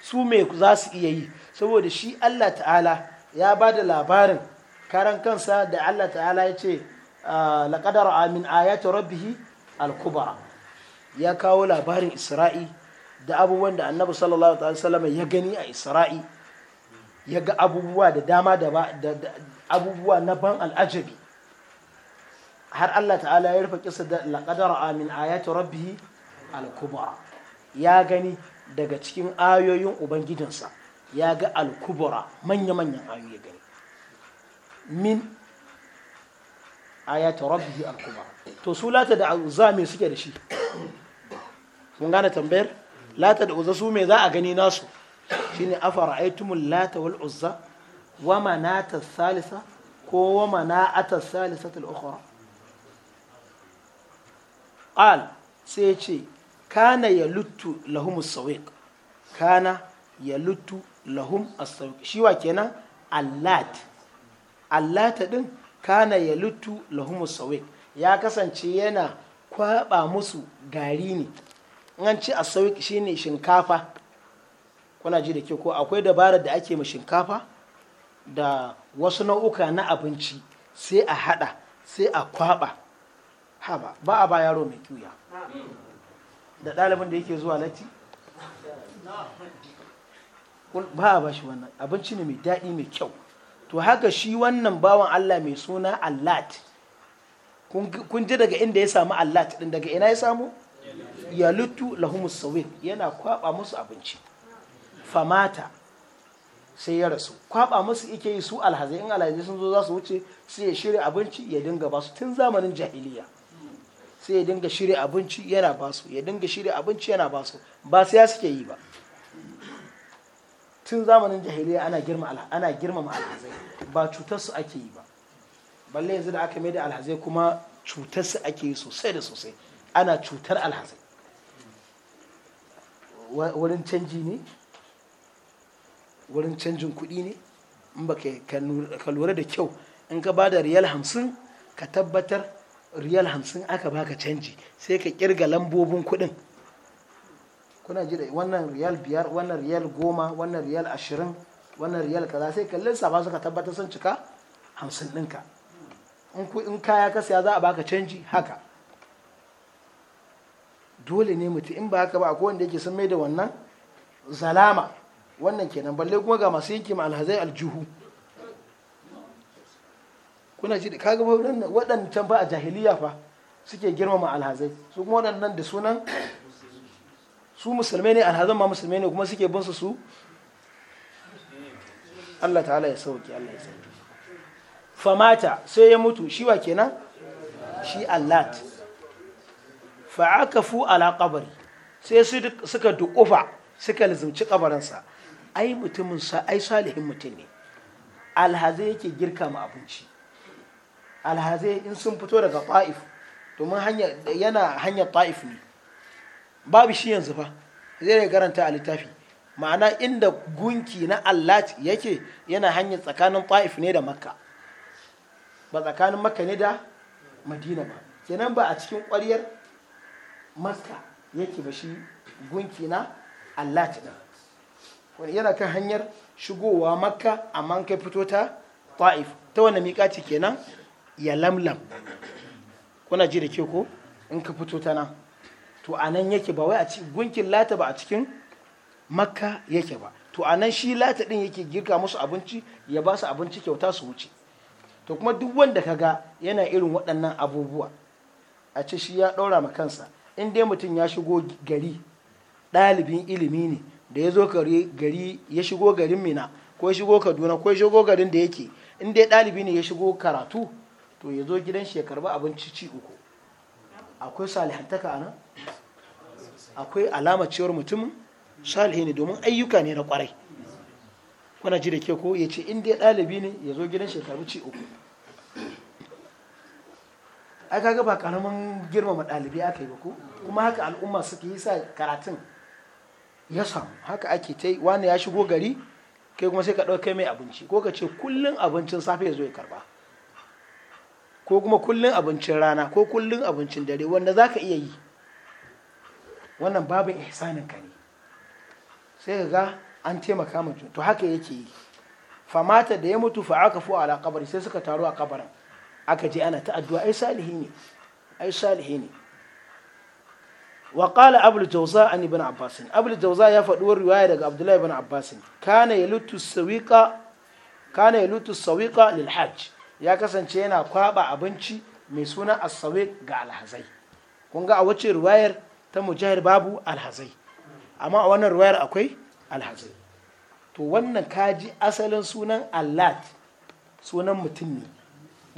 S1: su me za su iya yi saboda shi Allah ta'ala ya ba da labarin karan kansa da Allah ta'ala ya ce ah, lakadar amin ayatu rabbihi al-kubra ya kawo labarin isra'i da abubuwan da annabi sallallahu alaihi wasallam ya gani a isra'i ya ga abubuwa da dama da abubuwa na ban al'ajabi har Allah ta'ala ya rufe kisa da laqadara amin ayatu rabbih al-kubra ya gani daga cikin ayoyin ubangijinsa ya ga al-kubra manya-manyan ayoyi ya gani min ayatu rabbih al-kubra to sulata da azami suke da shi mun gane tambayar lata da uzza su me za a gani nasu shine afara'aytumul lata wal uzza wa ta salisa ko wa salisa ta ukhra al sai ce kana lutu lahum as-sawiq kana lutu lahum sawiq shi wa kenan allat allata din kana lutu lahum as-sawiq ya kasance yana kwaba musu gari ne ci a ce shi shine shinkafa kuna ji da ke ko akwai dabarar da ake ma shinkafa da wasu nau'uka na abinci sai a hada sai a kwaba haba ba a ba yaro mai kyuya da ɗalibin da yake zuwa latti ba a ba shi wannan abinci ne mai daɗi mai kyau to haka shi wannan bawan Allah mai suna allat kun ji daga inda ya samu allat ɗin daga ina ya samu ya lutu lahumus sawin yana kwaba musu abinci famata sai ya rasu kwaba musu ike yi su alhazai in alhazai sun zo za su wuce sai ya shirya abinci ya dinga ba su tun zamanin jahiliya sai ya dinga shirya abinci yana ba su ya dinga shirya abinci yana ba su ba sai ya suke yi ba tun zamanin jahiliya ana girma ana girmama alhazai ba cutar su ake yi ba balle yanzu da aka mai da alhazai kuma cutar su ake yi sosai da sosai ana cutar alhazai wurin canji ne wurin canjin kuɗi ne in ba ka lura da kyau in ka ba da riyal hamsin ka tabbatar riyal hamsin aka ba ka canji sai ka kirga lambobin kuɗin kuna ji da wannan riyal biyar wannan riyal goma wannan riyal ashirin wannan riyal kaza sai kallon su suka tabbatar sun cika hamsin ɗinka in kaya ka saya za a baka canji haka dole ne mutum in ba haka ba akwai wanda yake sun mai da wannan zalama wannan kenan balle kuma ga masu yanki ma alhazai aljuhu kuna ji da kaga waɗancan ba a jahiliya fa suke girmama alhazai su kuma waɗannan da sunan su musulmai ne alhazan ma musulmai ne kuma suke bin su su Allah ta'ala ya sauke Allah ya sauke famata sai ya mutu shi wa kenan shi allat fa'akafu ala kabari sai suka duƙufa suka lizimci kabarinsa ai mutumin sa ai salihin mutum ne alhazai yake girka ma abinci alhazai in sun fito daga ta'if domin yana hanyar ta'if ne babu shi yanzu ba zai garanta a littafi ma'ana inda gunki na allat yake yana hanyar tsakanin ta'if ne da makka ba tsakanin makka ne da madina ba kenan ba a cikin ƙwaryar maska yake ba shi gunki na Allah ta wani yana kan hanyar shigowa makka amma kai fito ta ta'if ta wani miƙa ce kenan ya lamlam kuna ji da ke ko in ka fito ta nan to a nan yake ba wai a cikin gunkin lata ba a cikin makka yake ba to a nan shi lata din yake girka musu abinci ya ba su abinci kyauta su wuce to kuma duk wanda ka ga yana irin waɗannan abubuwa a ce shi ya ɗaura ma kansa in dai mutum ya shigo gari ɗalibin ilimi ne da ya zo gari ya shigo garin mina ko ya shigo kaduna ko ya shigo garin da yake in dai ɗalibi ne ya shigo karatu to ya zo gidan shekaru ba abinci ci uku akwai salihantaka ana? akwai alama cewar mutum salihi ne domin ayyuka ne na kwarai kuna ji da ke ko ya ce in dai ɗalibi ne ya zo gidan shekaru ci uku ai kaga ba karamin girmama dalibi aka yi ba ko kuma haka al'umma suke yi sa karatun ya samu haka ake ta wani ya shigo gari kai kuma sai ka ɗauke mai abinci ko ka ce kullum abincin safe ya zo ya karba ko kuma kullum abincin rana ko kullum abincin dare wanda za ka iya yi wannan babu ihsanin ka ne sai ka ga an taimaka mutum to haka yake yi famata da ya mutu fa aka fu ala kabari sai suka taru a kabarin aka je ana ta addu'a ai salihi ne ai salihi ne wa qala abul jawza an ibn abbas abul jawza ya faɗi riwaya daga abdullahi ibn abbas kana yalutu sawiqa kana yalutu sawiqa lil hajj ya kasance yana kwaba abinci mai suna as-sawiq ga alhazai kun ga a wace riwayar ta mujahid babu alhazai amma a wannan riwayar akwai alhazai to wannan kaji asalin sunan allat sunan mutum ne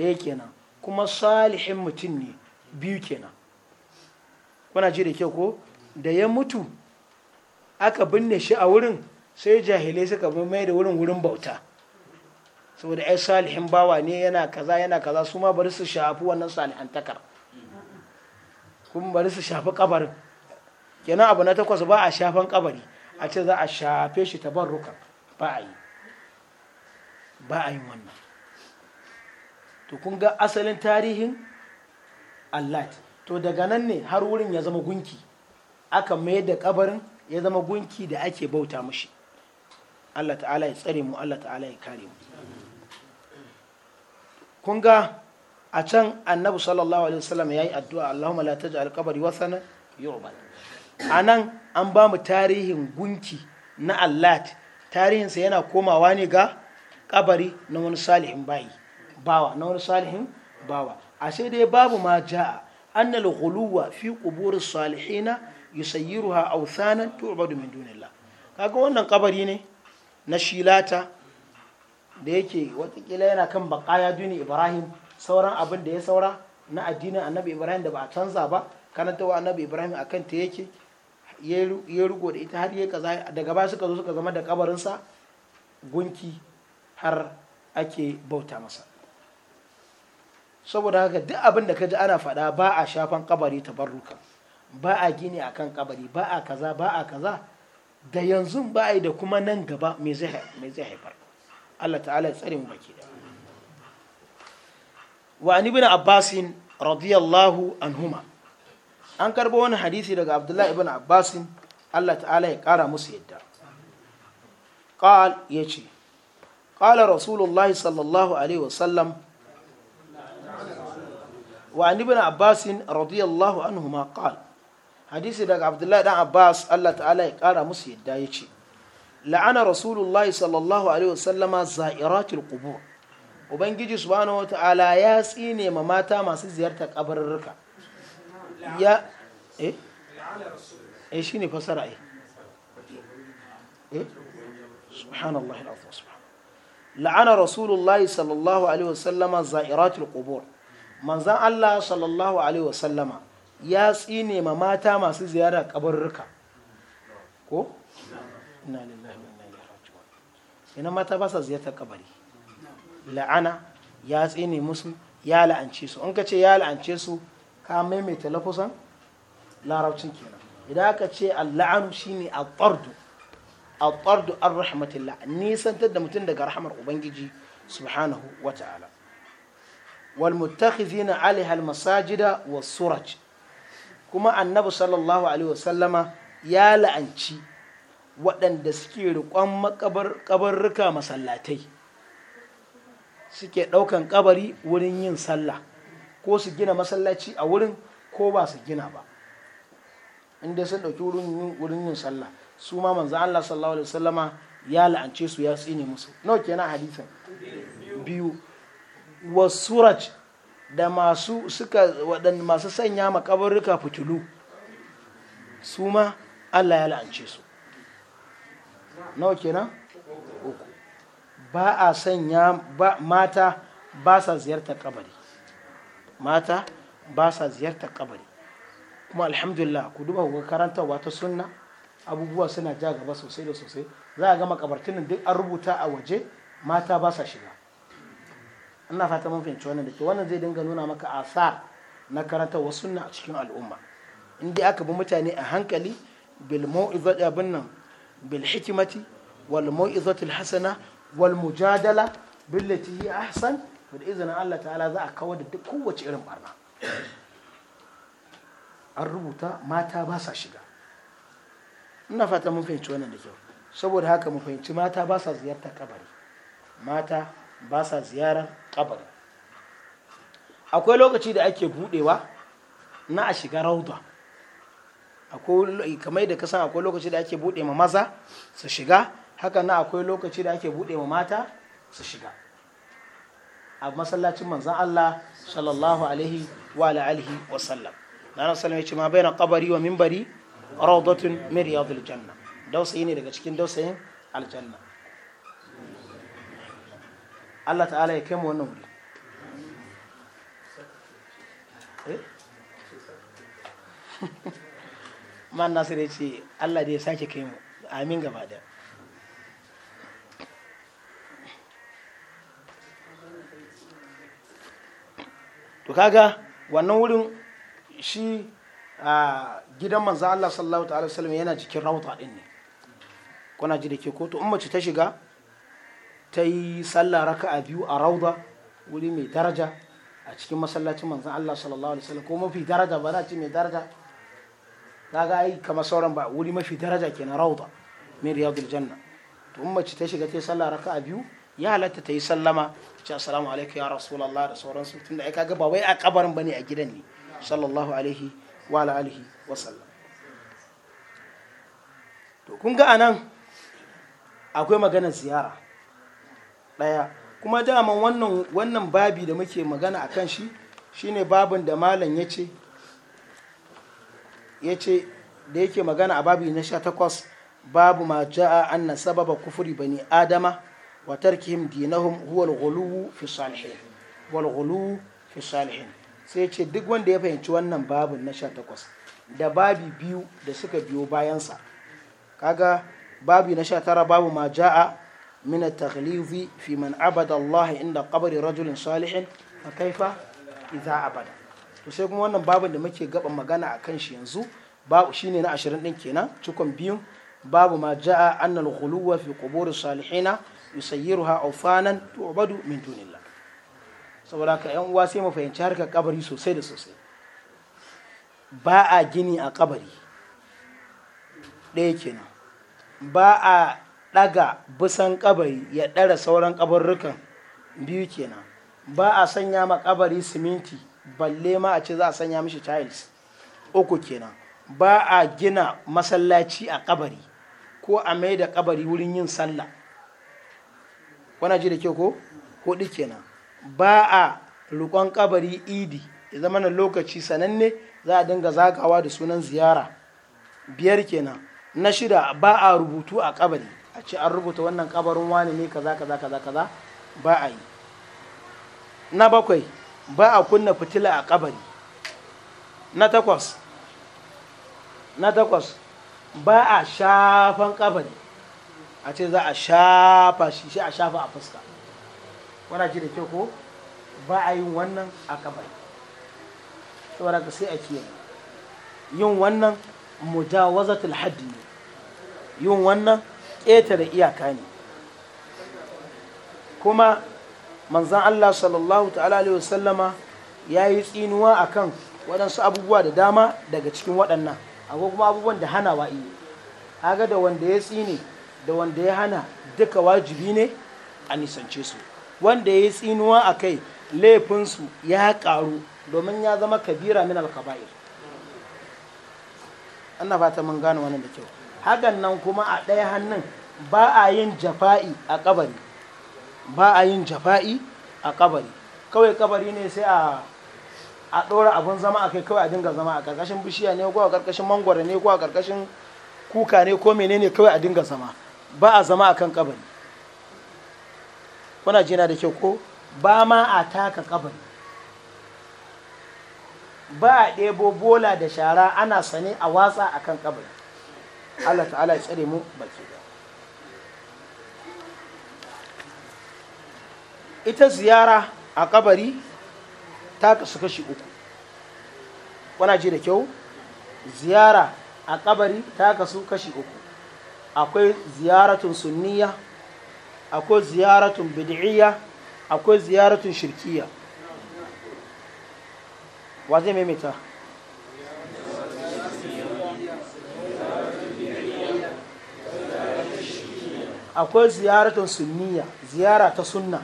S1: ɗaya kenan kuma salihin mutum ne biyu kenan kuna ji da kyau ko da ya mutu aka binne shi a wurin sai jahilai suka mai da wurin wurin bauta saboda ai salihin bawa ne yana kaza yana kaza su ma bari su shafi wannan salihantakar kuma bari su shafi kabarin kenan abu na takwas ba a shafan kabari a ce za a shafe shi ta ba a yi ba a yin wannan to kun ga asalin tarihin allat to daga nan ne har wurin ya zama gunki aka mai da kabarin ya zama gunki da ake bauta mashi Allah ta'ala ya tsare mu Allah ta'ala ya kare mu kun ga a can annabi sallallahu alaihi wasallam ya yi addu'a Allahumma la taj'al qabri wasana yu'bad anan an ba mu tarihin gunki na allat tarihinsa yana komawa ne ga kabari na wani salihin bayi bawa na wani salihin bawa a sai dai babu ma ja'a annal ghuluwa fi qubur salihina yusayyiruha awthanan tu'badu min dunillah kaga wannan kabari ne na shilata da yake watakila yana kan bakaya duni ibrahim sauran abin da ya saura na addinin annabi ibrahim da ba a canza ba wa annabi ibrahim a ta yake ya rugo da ita har ya kaza daga ba suka zo suka zama da kabarinsa gunki har ake bauta masa saboda haka duk abin da ka ji ana faɗa ba a shafan kabari tabarrukan ba a gini akan kabari ba a kaza ba a kaza da yanzu ba a yi da kuma nan gaba mai zai haifar Allah ta'ala ya tsare mu baki da wa an ibn abbas radiyallahu anhuma an karbo wani hadisi daga abdullahi ibn abbas Allah ta'ala ya kara musu yadda qal yace qala rasulullahi sallallahu alaihi wa sallam. wa an ibn abbas radiyallahu anhu ma hadisi daga abdullahi dan abbas Allah ta'ala ya kara musu yadda ya ce la'ana rasulullah sallallahu alaihi wasallama za'iratul qubur ubangiji subhanahu wa ta'ala ya tsine ma mata masu ziyartar kabarurruka ya eh eh shine fasara eh eh subhanallahi alazim subhan la'ana rasulullah sallallahu alaihi wasallama za'iratul qubur manzan Allah sallallahu alaihi wasallama ya tsine ma mata masu ziyara kabarruka ko ina mata ba sa ziyartar kabari la'ana ya tsine musu ya la'ance su in ka ce ya la'ance su ka maimaita lafusan larabcin kenan idan aka ce al-la'anu shine al-tardu al-tardu ar-rahmatillah nisantar da mutum daga rahmar ubangiji subhanahu wa ta'ala wal muttakhizina alaiha al masajida suraj kuma annabi sallallahu alaihi wasallama ya la'anci waɗanda suke riƙon makabarruka masallatai suke ɗaukan ƙabari wurin yin sallah ko su gina masallaci a wurin ko ba su gina ba inda sun ɗauki wurin yin sallah su ma manzo Allah sallallahu alaihi wasallama ya la'ance su ya tsine musu nawa kenan hadisan biyu wasuraj da masu suka waɗanda masu sanya makabarruka fitilu su ma Allah ya la'ance su
S2: nawa kenan uku
S1: ba a sanya mata ba sa ziyartar kabari mata ba sa ziyartar kabari kuma alhamdulillah ku duba ku karantarwa ta sunna abubuwa suna ja gaba sosai da sosai za a ga makabartunan duk an rubuta a waje mata ba sa shiga ina fata mun fahimci wannan da ke wannan zai dinga nuna maka asar na karanta wasu sunna a cikin al'umma inda aka bi mutane a hankali bil abin nan bil hikimati wal mau'izat al hasana wal mujadala billati hi ahsan da izinin Allah ta'ala za a kawar da duk kowace irin barna an rubuta mata ba sa shiga ina fata mun fahimci wannan da kyau saboda haka mu fahimci mata ba sa ziyartar kabari mata ba sa ziyarar kabari akwai lokaci da ake budewa na a shiga rauda kamar da kasan akwai lokaci da ake bude ma maza su shiga haka na akwai lokaci da ake bude ma mata su shiga a masallacin manzan Allah sallallahu alaihi wa wa na sallam ya ce ma na kabari wa mimbari rawdatun min riyadul janna dausayi ne daga cikin dausayin aljanna Allah ta'ala ya kai mu wannan wuri eh? man nasir ya ce Allah da ya sake kai mu amin gaba da to kaga wannan wurin shi a gidan manzo Allah sallallahu ta'ala wasallam yana cikin rauta din ne kuna ji da ke ko to in mace ta shiga ta yi sallah raka a biyu a rauda wuri mai daraja a cikin masallacin manzon Allah sallallahu alaihi wasallam ko mafi daraja ba za ce mai daraja kaga ai kamar sauran ba wuri mafi daraja kenan rauda min riyadul janna to mace ta shiga ta yi sallah raka a biyu ya halatta ta yi sallama ce assalamu alaikum ya rasulullah da sauran sauransu tunda ai kaga ba wai a kabarin bane a gidan ne sallallahu alaihi wa alihi wa sallam to kun ga anan akwai maganar ziyara ɗaya kuma dama wannan wannan babi da muke magana a kan shi shine babin da malam ya ce ya ce da yake magana a babi na 18 babu ma ja'a anna sababa kufuri bani adama wa tarkihim dinahum huwa al-ghuluw fi salihin wal ghuluw fi salihin sai ce duk wanda ya fahimci wannan babin na 18 da babi biyu da suka biyo bayansa kaga babi na 19 babu ma ja'a من التغليظ في من عبد الله عند قبر رجل صالح فكيف إذا عبد sai kuma wannan babin da muke gaba magana a kan shi yanzu babu shine na ashirin din kenan cikon biyun babu ma ja'a annal khuluwa fi qubur salihina yusayyiruha awfanan tu'badu min dunillah saboda ka yan uwa sai mu fahimci harkar kabari sosai da sosai ba a gini a kabari ɗaya kenan ba a ɗaga busan kabari ya ɗara sauran kabarrukan biyu kenan ba a sanya ma kabari siminti balle ma a ce za a sanya mishi tiles uku kenan ba a gina masallaci a kabari ko a mai da kabari wurin yin sallah wana ji da ke ko hudu kenan ba a rukon kabari idi ya zama na lokaci sananne za a dinga zagawa da sunan ziyara biyar kenan na shida ba a rubutu a kabari a ce an rubuta wannan kabarin wani ne kaza kaza kaza kaza ba a yi na bakwai ba a kunna fitila a kabari na takwas na takwas ba a shafan kabari a ce za a shafa shi shi a shafa a fuska wana ji da ke ko ba a yin wannan a kabari saboda ka sai a kiyaye yin wannan mujawazatul haddi yin wannan ƙetare iyaka ne kuma manzan Allah sallallahu ta'ala alaihi wasallama ya yi tsinuwa a kan waɗansu abubuwa da dama daga cikin waɗannan akwai kuma abubuwan da hana wa iya aga da wanda ya tsine da wanda ya hana duka wajibi ne a nisance su wanda ya yi tsinuwa a kai laifinsu ya ƙaru domin ya zama kabira min alkaba'ir ana fata mun gane wannan da kyau hakan nan kuma a ɗaya hannun ba a yin jafa'i a kabari ba a yin jafa'i a kabari kawai kabari ne sai a a ɗora abin zama a kai kawai a dinga zama a ƙarƙashin bishiya ne ko a ƙarƙashin mangwara ne ko a ƙarƙashin kuka ne ko menene kawai a dinga zama ba a zama a kan kabari kuna jina da kyau ko ba ma a taka kabari ba a ɗebo bola da shara ana sane a watsa a kan kabari Allah ta'ala ya tsare mu baki da ita ziyara a kabari ta kasu kashi uku wana ji da kyau ziyara a kabari ta kasu kashi uku akwai ziyaratun sunniya akwai ziyaratun bid'iyya akwai ziyaratun shirkiya wa zai maimaita akwai ziyaratun sunniya ziyara ta sunna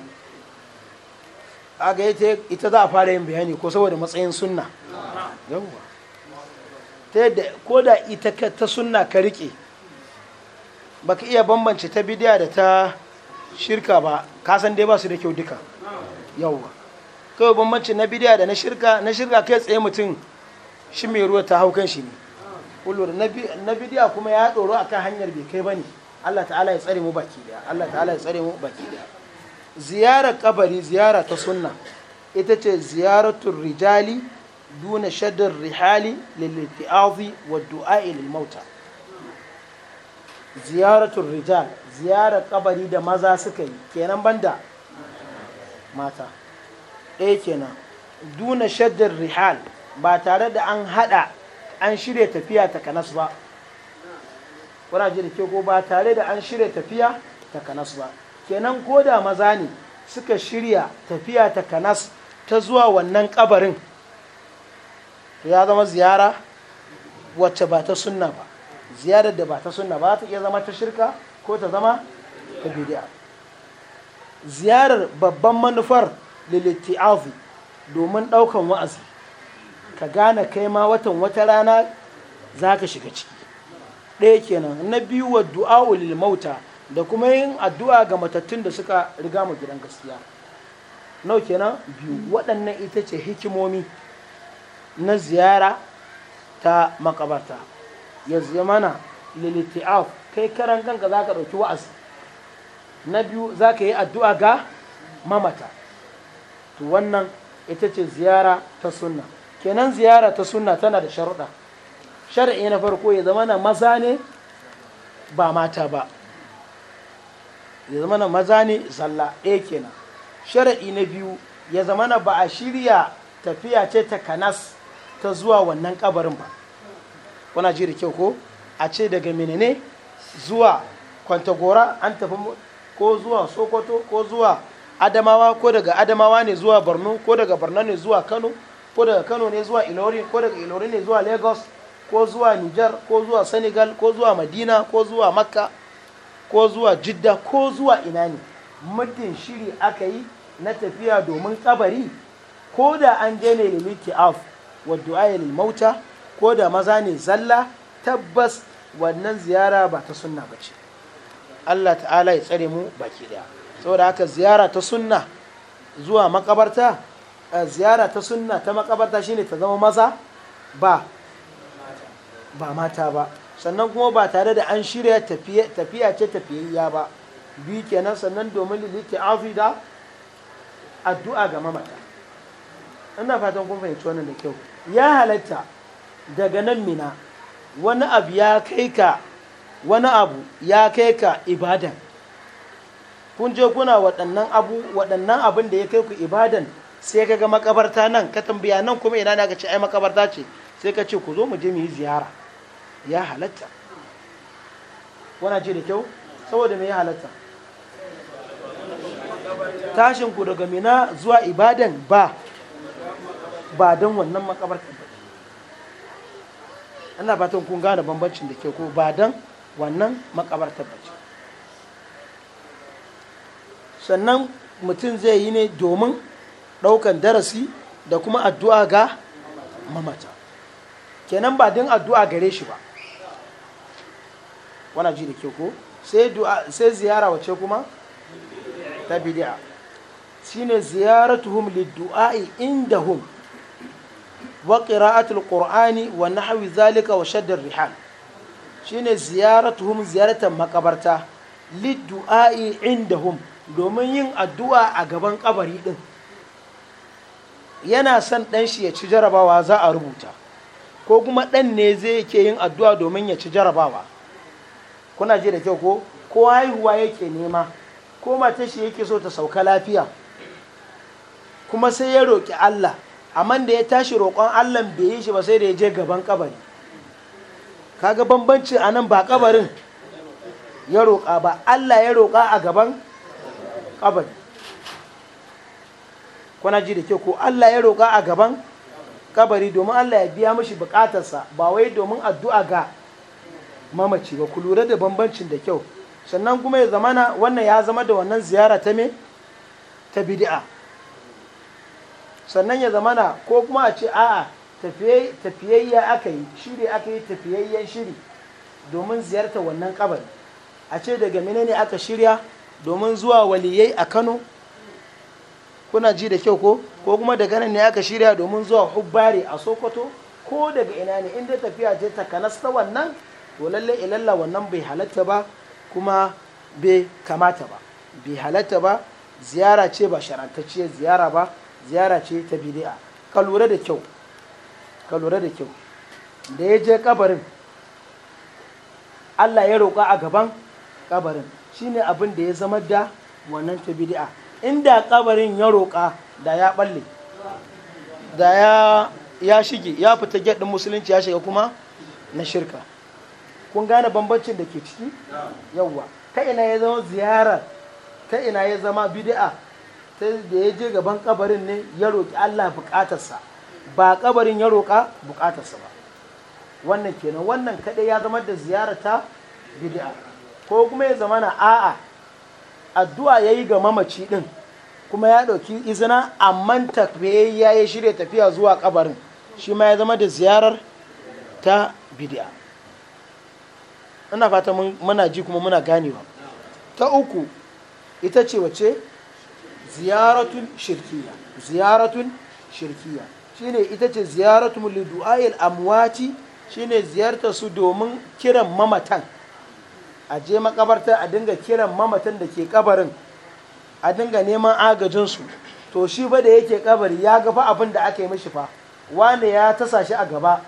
S1: aga ita za a fara yin bayani ko saboda matsayin sunna yawwa ta yadda ko da ita ta sunna ka rike baka iya bambance ta bidiya da ta shirka ba kasan dai ba su da kyau duka yawwa kawai bambance na bidiya da na shirka na shirka kai tsaye mutum shi mai ruwa ta haukan shi ne na bidiya kuma ya tsoro kan hanyar bai kai ba ne Allah ta'ala ya tsare mu baki daya Allah ta'ala ya tsare mu baki daya Ziyara kabari ziyara ta sunna ita ce ziyaratul rijali duna shaddar rihali lil wa du'a'i lil mauta ziyaratul rijal ziyara kabari da maza suka yi kenan banda mata ɗaya eh kenan duna shaddar rihal ba tare da an hada an shirya tafiya ta kanas ba kuna ji da ke ko ba tare da an shirya tafiya ta kanas ba kenan ko da maza ne suka shirya tafiya ta kanas ta zuwa wannan kabarin to ya zama ziyara wacce ba ta sunna ba ziyarar da ba ta sunna ba ta iya zama ta shirka ko ta zama ta bidiya ziyarar babban manufar lilitti'azi domin ɗaukan wa'azi ka gane kai ma watan wata rana za ka shiga ciki ɗaya kenan na biyu wa du'a'u lil mauta da kuma yin addu'a ga matattun da suka riga mu gidan gaskiya nau kenan biyu waɗannan ita ce hikimomi na ziyara ta makabarta ya zamana liliti'af kai karan kanka za ka ɗauki wa'azi na biyu za ka yi addu'a ga mamata to wannan ita ce ziyara ta sunna kenan ziyara ta sunna tana da sharuɗa shari'i na farko ya zama na maza ne ba mata ba ya zama na maza ne zalla ɗaya kenan shari'i na biyu ya zama na ba a shirya tafiya ce ta kanas ta zuwa wannan kabarin ba kuna ji da kyau ko a ce daga menene zuwa kwantagora an tafi ko zuwa sokoto ko zuwa adamawa ko daga adamawa ne zuwa borno ko daga borno ne zuwa kano ko daga kano ne zuwa ilorin ko daga ilorin ne zuwa lagos ko zuwa Nijar ko zuwa Senegal ko zuwa Madina ko zuwa Makka ko zuwa Jidda ko zuwa ina ne muddin shiri aka yi na tafiya domin kabari ko da an je ne lil af wa du'a lil mauta ko da maza ne zalla tabbas wannan ziyara ba ta sunna ba ce Allah ta'ala ya tsare mu baki daya saboda haka ziyara ta sunna zuwa makabarta eh, ziyara ta sunna ta makabarta shine ta zama maza ba ba mata ba sannan kuma ba tare da an shirya tafiya ce tafiyayya ba biyu kenan sannan domin lilita afida addu'a ga mamata ina fatan kun fahimci wannan da kyau ya halatta daga nan mina wani abu ya kai ka wani abu ya kai ka ibadan kun je kuna waɗannan abu waɗannan abin da ya kai ku ibadan sai ka ga makabarta nan ka tambaya nan kuma ina ne aka ce ai makabarta ce sai ka ce ku zo mu je mu yi ziyara ya halatta wana ce da kyau saboda me ya halatta tashin ku daga mina zuwa ibadan ba
S2: ba don wannan makabar ba
S1: ana fatan kun gane bambancin da ke ko ba don wannan makabartar ba sannan mutum zai yi ne domin ɗaukan darasi da kuma addu'a ga mamata kenan ba don addu'a gare shi ba wana ji da ke ko sai ziyara wace kuma ta bid'a shine ziyaratuhum lid inda indahum wa ƙira'atul ƙor'ani wa nahwi zalika wa shaddar rihal shine ziyaratuhum ziyaratan makabarta lidu'ai inda hum domin yin addu'a a gaban kabari ɗin yana son ɗan shi ya ci jarabawa za a rubuta ko kuma ɗan ne zai ke yin addu'a domin ya ci jarabawa kuna ji da kyau ko ko haihuwa yake nema ko matar shi yake so ta sauka lafiya kuma sai ya roƙi Allah amma da ya tashi roƙon Allah bai yi shi ba sai da ya je gaban kabari kaga bambanci a nan ba kabarin ya roƙa ba Allah ya roƙa a gaban kabari kuna ji da kyau ko Allah ya roƙa a gaban kabari domin Allah ya biya mashi bukatarsa ba wai domin addu'a ga mamaci ba ku lura da bambancin da kyau sannan kuma ya zamana wannan ya zama da wannan ziyara ta me ta bid'a sannan ya na ko kuma a ce a'a tafiyayya aka yi shiri aka yi tafiyayyen shiri domin ziyarta wannan kabari a ce daga ne aka shirya domin zuwa waliyai a kano kuna ji da kyau ko ko kuma daga nan ne aka shirya domin zuwa hubbari a sokoto ko daga ina ne inda tafiya je ta ta wannan to lalle ilalla wannan bai halatta ba kuma bai kamata ba bai halatta ba ziyara ce ba sharantacce ziyara ba ziyara ce ta bid'a ka lura da kyau ka da kyau da ya je kabarin Allah ya roƙa a gaban kabarin ne abin da ya zama da wannan ta bid'a inda kabarin ya roƙa da ya balle da ya ya shige ya fita gedin musulunci ya shiga kuma na shirka kun gane bambancin da ke ciki yawwa ta ina ya zama ziyara ta ina ya zama bid'a ta da ya je gaban kabarin ne ya roƙi Allah bukatarsa ba kabarin ya roƙa bukatarsa ba wannan kenan wannan kaɗai ya zama da ziyara ta bidi'a ko kuma ya zama na a'a addu'a ya yi ga mamaci ɗin kuma ya ɗauki izina amma tafiye ya yi shirya tafiya zuwa kabarin shi ma ya zama da ziyarar ta bidi'a. ina fata muna ji kuma muna ganewa ta uku ita ce wace ziyaratun shirkiya ziyaratun shirkiya shine ita ce ziyaratun lidu'ayil amwati shine ziyartar su domin kiran mamatan a je makabarta a dinga kiran mamatan da ke kabarin a dinga neman agajinsu to shi ba da yake kabari ya gafa abin da aka yi mishi fa wane ya tasa shi a gaba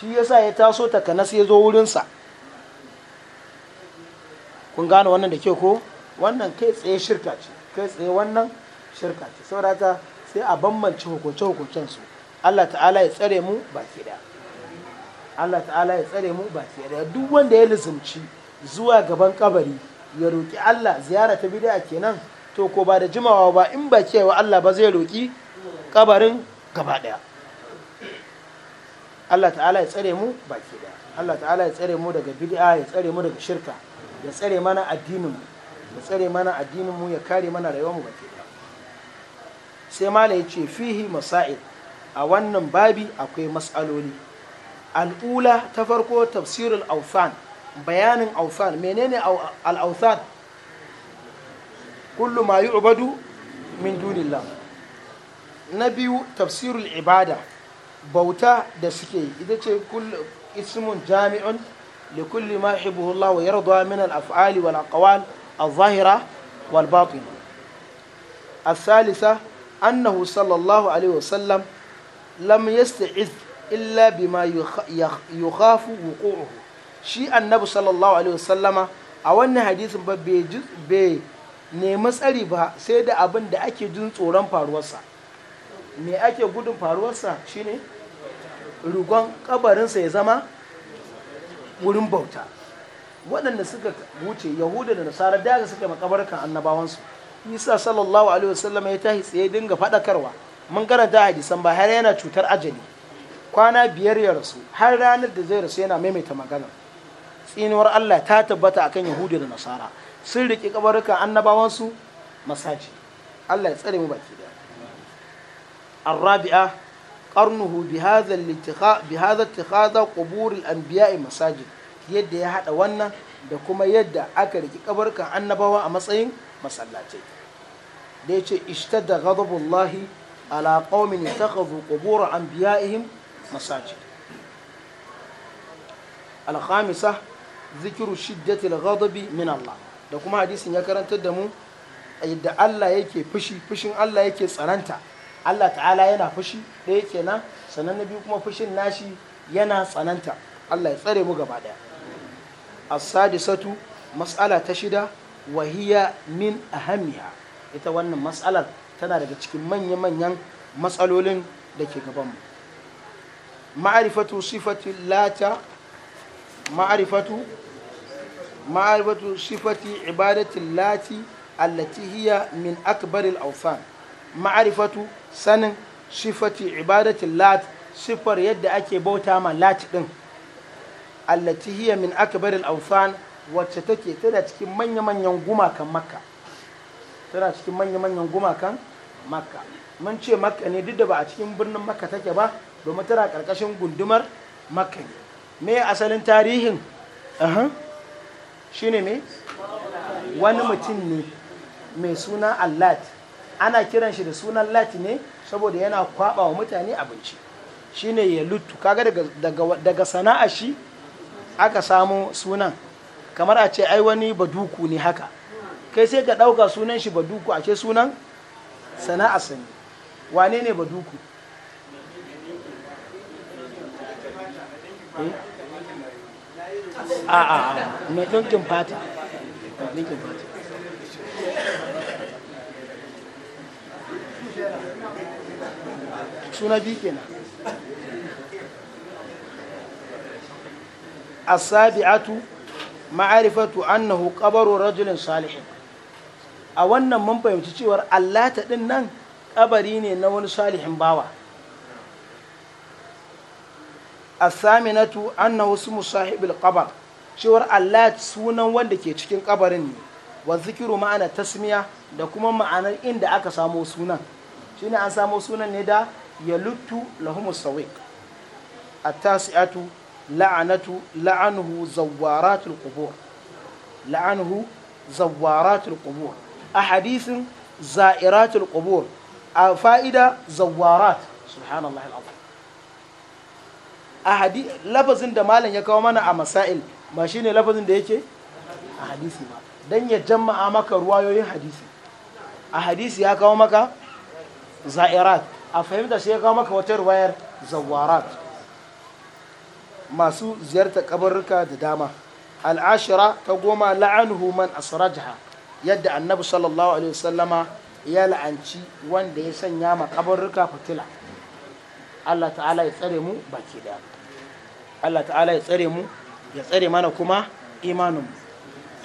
S1: shi yasa ya taso takanas ya zo wurinsa kun gane wannan da ke ko wannan kai tsaye shirka ce kai tsaye wannan shirka ce saurata sai a bambance hukunce hukuncen su Allah ta'ala ya tsare mu baki da Allah ta'ala ya tsare mu baki da duk wanda ya lizumci zuwa gaban kabari ya roki Allah ziyara ta bid'a kenan to ko ba da jimawa ba in ba wa Allah ba zai roki kabarin gaba daya Allah ta'ala ya tsare mu baki da Allah ta'ala ya tsare mu daga bid'a ya tsare mu daga shirka ya tsare mana addinin mu ya tsare mana ya kare mana rayuwarmu mu baki sai mala ya ce fihi masail a wannan babi akwai mas'aloli al'ula ta farko tafsirul aufan bayanin aufan menene al'authan kullu ma yu'badu min dunillah na biyu tafsirul ibada bauta da suke yi ita ce ismun jami'un لكل ما يحبه الله ويرضى من الأفعال والأقوال الظاهرة والباطنة الثالثة أنه صلى الله عليه وسلم لم يستعذ إلا بما يخاف وقوعه شيء النبي صلى الله عليه وسلم a حديث hadisin بي bai nemi tsari ba sai da abin da ake jin tsoron faruwarsa me ake gudun faruwarsa shine rugon kabarinsa ya zama wurin bauta waɗanda suka wuce yahuda da nasara daga suka makabarkan annabawansu isa sallallahu alaihi wasallam ya tahi tsaye dinga faɗakarwa mun karanta hadisan ba har yana cutar ajali kwana biyar ya rasu har ranar da zai rasu yana maimaita magana tsinuwar Allah ta tabbata akan yahuda da nasara sun riƙi kabarukan annabawansu masaji Allah ya tsare mu baki daya arrabi'a qarnuhu bi hadha al-ittikhadha bi hadha ittikhadha qubur al yadda ya haɗa wannan da kuma yadda aka riki kabarkan annabawa a matsayin masallatai da yace ishtadda ghadabullahi ala qaumin ittakhadhu qubur anbiya'ihim masajid al-khamisah zikiru shiddati al-ghadabi min Allah da kuma hadisin ya karantar da mu yadda Allah yake fushi fushin Allah yake tsananta Allah ta'ala yana fushi ɗaya kenan sannan na biyu kuma fushin nashi yana tsananta Allah ya tsare mu gaba ɗaya as-sadisatu mas'ala ta shida wa hiya min ahamiha ita wannan mas'alar tana daga cikin manya-manyan matsalolin da ke gabanmu ma'arifatu sifati lata ma'arifatu ma'arifatu sifati ibadatin lati allati hiya min akbaril awsan ma'arifatu sanin sifati ibadatin lat siffar yadda ake bauta ma lat din allati hiya min akbar al-awthan wacce take tana cikin manya-manyan gumakan makka tana cikin manya-manyan gumakan makka mun ce makka ne duk da ba a cikin birnin makka take ba domin tana karkashin gundumar makka ne me asalin tarihin shi ne me wani mutum ne mai suna allat ana kiran shi da sunan lati ne saboda yana kwaba wa mutane abinci shine ya lutu kaga daga daga sana'a shi aka samu sunan kamar a ce ai wani baduku ne haka kai sai ka ɗauka sunan shi baduku a ce sunan sana'a sani wane ne baduku
S2: eh? a a mai ɗinkin ɗinkin fata
S1: suna biyu kenan asabi'atu ma'arifatu annahu qabaru rajulin salihin a wannan mun fahimci cewar allata din nan kabari ne na wani salihin bawa asaminatu annahu ismu sahibil qabr cewar allat sunan wanda ke cikin ƙabarin ne wa zikiru ma'ana tasmiya da kuma ma'anar inda aka samo sunan shine an samo sunan ne da ya yaluttu lahumus sawiq a tasiatu la'anatu la'anuhu zawaratul qubur la'anuhu zawaratul qubur a hadisin za'iratul qubur a fa'ida zawarat subhanallah al'azim a hadi lafazin da malam ya kawo mana a masail ma shine lafazin da yake a hadisi ma dan ya jama'a maka ruwayoyin hadisi a hadisi ya kawo maka za'irat a fahimta sai ya kawo maka wata ruwayar zawarat masu ziyarta kabarruka da dama al'ashira ta goma la'anuhu man asrajha yadda annabi sallallahu alaihi wasallama ya la'anci wanda ya sanya ma kabarruka fitila Allah ta'ala ya tsare mu baki da Allah ta'ala ya tsare mu ya tsare mana kuma imanin mu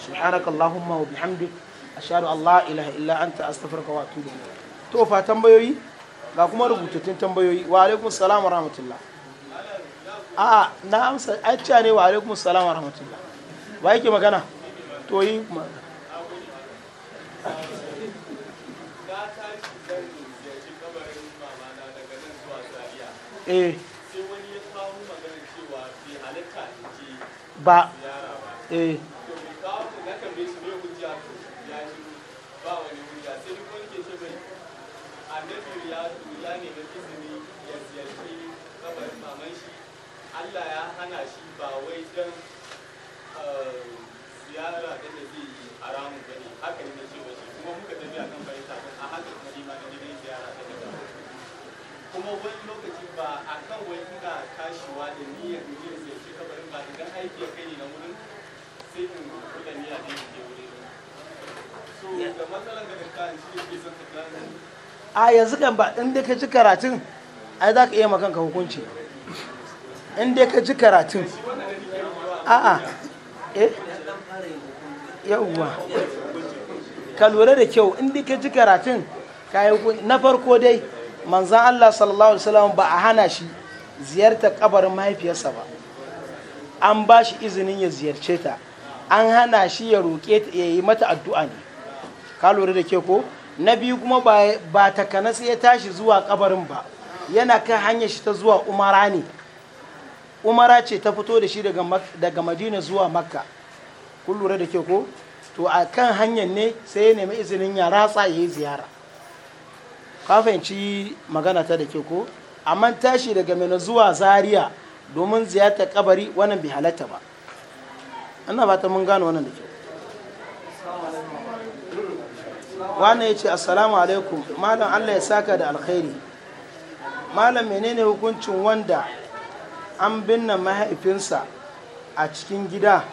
S1: subhanakallahumma wa bihamdik ashhadu an la ilaha illa anta astaghfiruka wa atubu ilayk to fa tambayoyi ga kuma rubutattun tambayoyi wa alaikum salam wa rahmatullah a na amsa acca ne wa alaikum salam wa rahmatullah wa yake magana to yi eh ba eh
S2: hana shi ba wai don eh, ziyara da da zai yi a ramun ba ne haka ne ce ba shi kuma muka tafi a kan fahimta don a haka kuma ne nima da ne zai ziyara da da kuma wani lokaci ba a kan wai ina tashiwa da niyyar niyyar ziyarci kabarin ba idan aiki ya kai ne na wurin sai in kula niyya da yake wuri so da matsalan ganin ka shi ne ke son ka
S1: a yanzu kan ba in da ka ci karatun ai za ka iya makanka hukunci in dai ka ji karatun a'a eh yawwa ka lura da kyau in dai ka ji karatun na farko dai manzan Allah sallallahu alaihi wasallam ba a hana shi ziyartar kabarin mahaifiyarsa ba an ba shi izinin ya ziyarce ta an hana shi ya roƙe ya yi mata addu'a ne ka lura da kyau ko na biyu kuma ba takanas ya tashi zuwa kabarin ba yana kan hanyar shi ta zuwa umara ne umara ce ta fito da shi daga madina zuwa makka kun lura da ke ko to a kan hanyar ne sai ya nemi izinin ya ratsa ya yi ziyara ka fahimci magana ta da ke ko amma tashi daga mina zuwa zaria domin ziyartar kabari wannan bai halatta ba ana ba ta mun gano wannan da ke wannan ya ce assalamu alaikum malam allah ya saka da alkhairi malam menene hukuncin wanda an binne mahaifinsa a cikin gida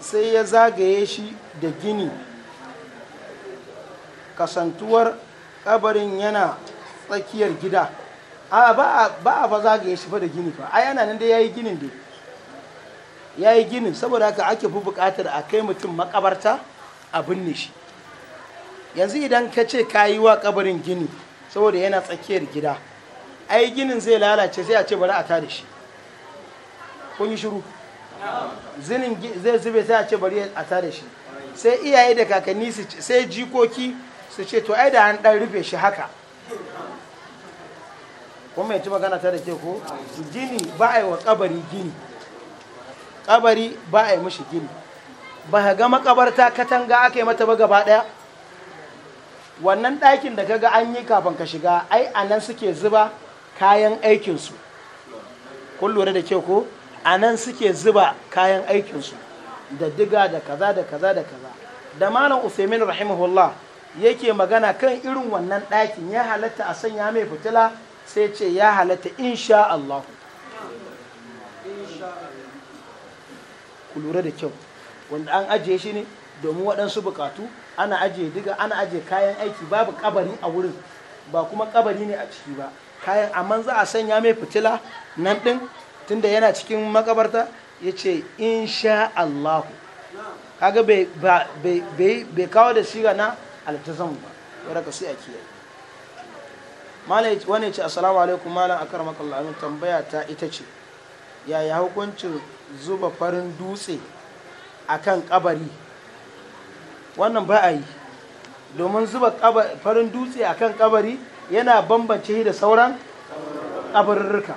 S1: sai ya zagaye shi da gini kasantuwar kabarin yana tsakiyar gida a ba a ba zagaye shi fa da gini fa a yana nan da yi ginin ya yi ginin saboda haka ake fi bukatar a kai mutum makabarta a binne shi yanzu idan ka ce ka yi wa kabarin gini saboda yana tsakiyar gida ai ginin zai lalace sai a ce bari a tare shi kun yi shiru zinin zai zube sai a ce bari a tare shi sai iyaye da kakanni sai jikoki su ce to ai da an dan rufe shi haka kuma mai ci magana ta da ke ko gini ba a yi wa kabari gini kabari ba a yi mishi gini ba ka ga makabarta katanga aka yi mata ba gaba daya wannan ɗakin da kaga an yi kafin ka shiga ai a nan suke zuba kayan aikinsu kun lura da ke ko a nan suke zuba kayan aikinsu da diga da kaza da kaza da kaza da malam usaimin rahimahullah yake magana kan irin wannan ɗakin ya halatta a sanya mai fitila sai ce ya halatta insha Allah ku lura da kyau wanda an ajiye shi ne domin waɗansu bukatu ana ajiye diga ana ajiye kayan aiki babu ƙabari a wurin ba kuma ƙabari ne a ciki ba kayan amma za a sanya mai fitila nan ɗin tunda yana cikin makabarta ya ce insha Allahu kaga bai kawo da shiga na altazam ba ya raka sai a kiyaye wani ce assalamu alaikum malam akar makallamin tambaya ta ita ce yaya hukuncin zuba farin dutse a kan kabari wannan ba a yi domin zuba farin dutse a kan kabari yana bambance da sauran kabarurruka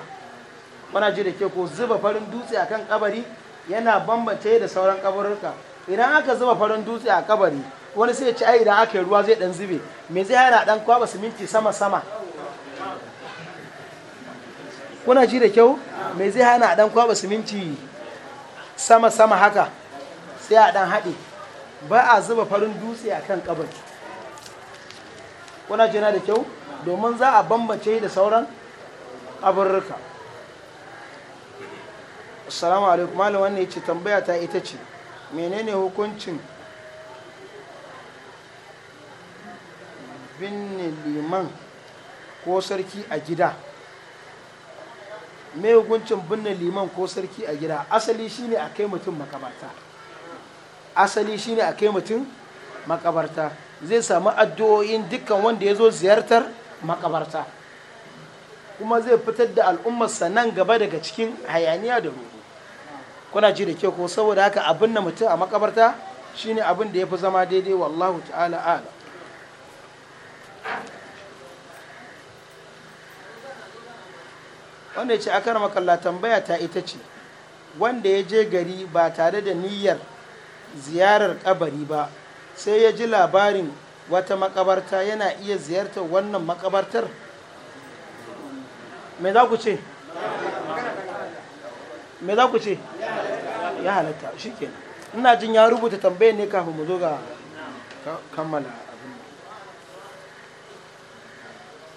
S1: muna ji da ke ko zuba farin dutse a kan kabari yana bambance da sauran kabarurruka idan aka zuba farin dutse a kabari wani sai ci ai idan aka yi ruwa zai dan zube me zai hana dan kwaba siminti sama sama kuna ji da kyau me zai hana dan kwaba siminti sama sama haka sai a dan haɗe ba a zuba farin dutse a kan kabari kuna jina da kyau domin za a bambance da sauran kabarurruka assalamu alaikum malam wannan ya ce tambaya ta ita ce menene hukuncin binne liman ko sarki a gida mai hukuncin binne liman ko sarki a gida asali shine a kai mutum makabarta asali shine a kai mutum makabarta zai samu addu'o'in dukkan wanda ya zo ziyartar makabarta kuma zai fitar da al'ummarsa nan gaba daga cikin hayaniya da ruhu kuna ji da ke ko saboda haka abin da mutum a makabarta shine abin da ya fi zama daidai wallahu ta'ala ala wanda ya ce aka makalla tambaya ta ita ce wanda ya je gari ba tare da niyyar ziyarar kabari ba sai ya ji labarin wata makabarta yana iya ziyartar wannan makabartar me za ku ce me za ku ce ya halatta shi kenan ina jin ya rubuta tambayar ne kafin mu zo ga kammala abin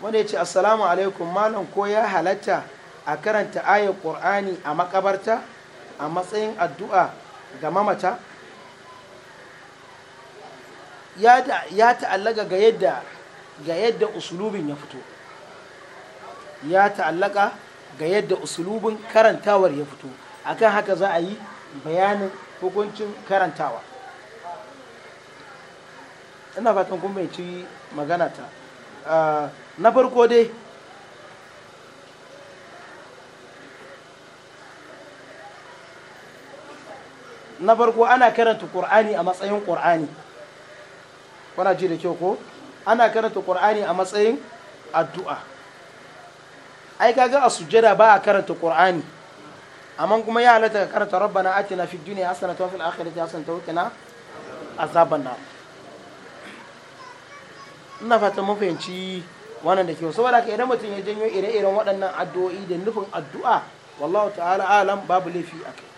S1: wanda ya ce assalamu alaikum malam ko ya halatta a karanta ayar ƙur'ani a makabarta a matsayin addu'a ga mamata ya ta'allaka ga yadda ga yadda usulubin ya fito ya ta'allaka ga yadda usulubin karantawar ya fito akan haka za a yi bayanin hukuncin karantawa ina fatan kun ci magana ta ah, na farko dai na farko ana karanta ƙur'ani a matsayin ƙur'ani kuna ji da kyau ko ana karanta qur'ani a matsayin addu'a ai kaga a sujjada ba a karanta qur'ani amma kuma ya halatta ka karanta rabbana atina fid dunya hasanatan wa fil akhirati hasanatan wa qina azaban nar ina fata mun fahimci wannan da kyau saboda ka idan mutum ya janyo ire-iren waɗannan addu'o'i da nufin addu'a wallahu ta'ala alam babu laifi a kai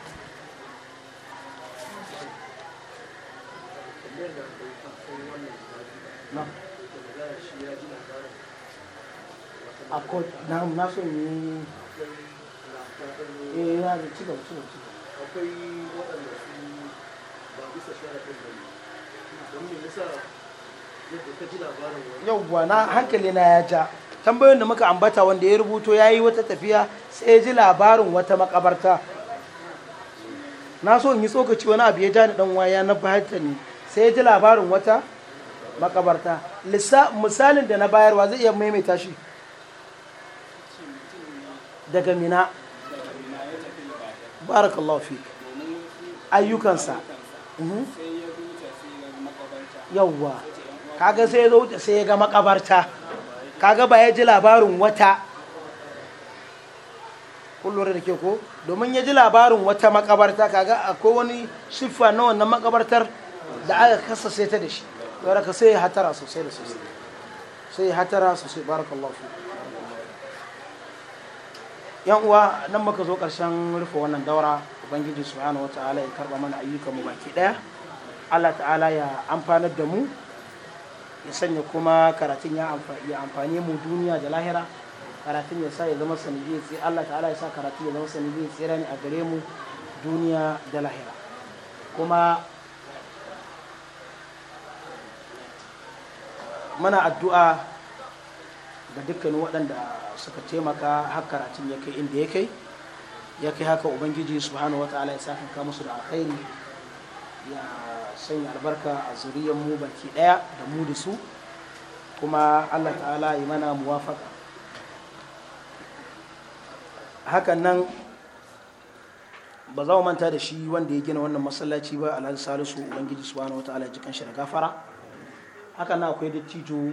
S2: yau kot
S1: na so ne eh, ci akwai
S2: waɗanda su ba bisa don yadda ka ji labarin wani na hankali na
S1: ya ja tambayoyin da muka ambata wanda ya rubuto ya yi wata tafiya sai ya ji labarin wata makabarta na so in yi tsokaci wani abu ya ja ni dan waya na fahimta ne sai ya ji labarin wata makabarta misalin da na bayarwa zai iya maimaita shi daga mina
S2: barakallahu fi ayyukansa mhm. yawwa kaga
S1: sai ya zo wuce sai ya ga makabarta kaga ba ya ji labarin wata kullum da ke ko domin ya ji labarin wata makabarta kaga akwai wani siffa na wannan makabartar da aka kasa sai ta da shi baraka sai hatara sosai da sosai sai hatara sosai barakallahu fi yan uwa nan muka zo karshen rufe wannan daura ubangiji subhanahu ta'ala ya karba mana ayyukanmu mu baki daya Allah ta'ala ya amfanar da mu ya sanya kuma karatun ya amfani mu duniya da lahira karatun ya sa ya zama sanadiyar tsira Allah ta'ala ya sa karatun ya zama sanadiyar tsira ne a gare mu duniya da lahira kuma mana addu'a ga dukkanin waɗanda suka taimaka har karatun ya kai inda ya kai ya kai haka ubangiji subhanahu wa ta'ala ya saka ka musu da alkhairi ya sanya albarka a zuriyar mu baki ɗaya da mu da su kuma allah ta'ala ya mana muwafaka hakan nan ba za mu manta da shi wanda ya gina wannan masallaci ba alhaji salisu ubangiji subhanahu wa ta'ala ya ji kanshi da gafara haka na akwai dattijo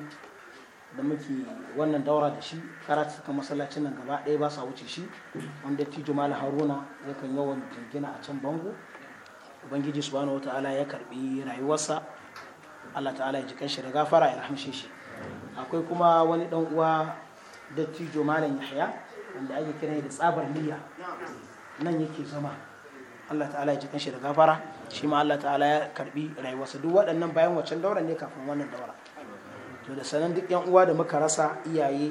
S1: da muke wannan daura da shi karatu suka masallacin nan gaba ɗaya ba sa wuce shi wani dattijo malam haruna ya yakan yawan jingina a can bango ubangiji subhanahu ta'ala ya karbi rayuwarsa allah ta'ala ya ji kanshi da gafara ya rahamshe shi akwai kuma wani dan uwa dattijo malam yahya wanda ake kira da tsabar niyya nan yake zama Allah ta'ala ya ji shi da gafara shi ma Allah ta'ala ya karbi rayuwarsa duk waɗannan bayan wancan daura ne kafin wannan daura to da sanan duk yan uwa da muka rasa iyaye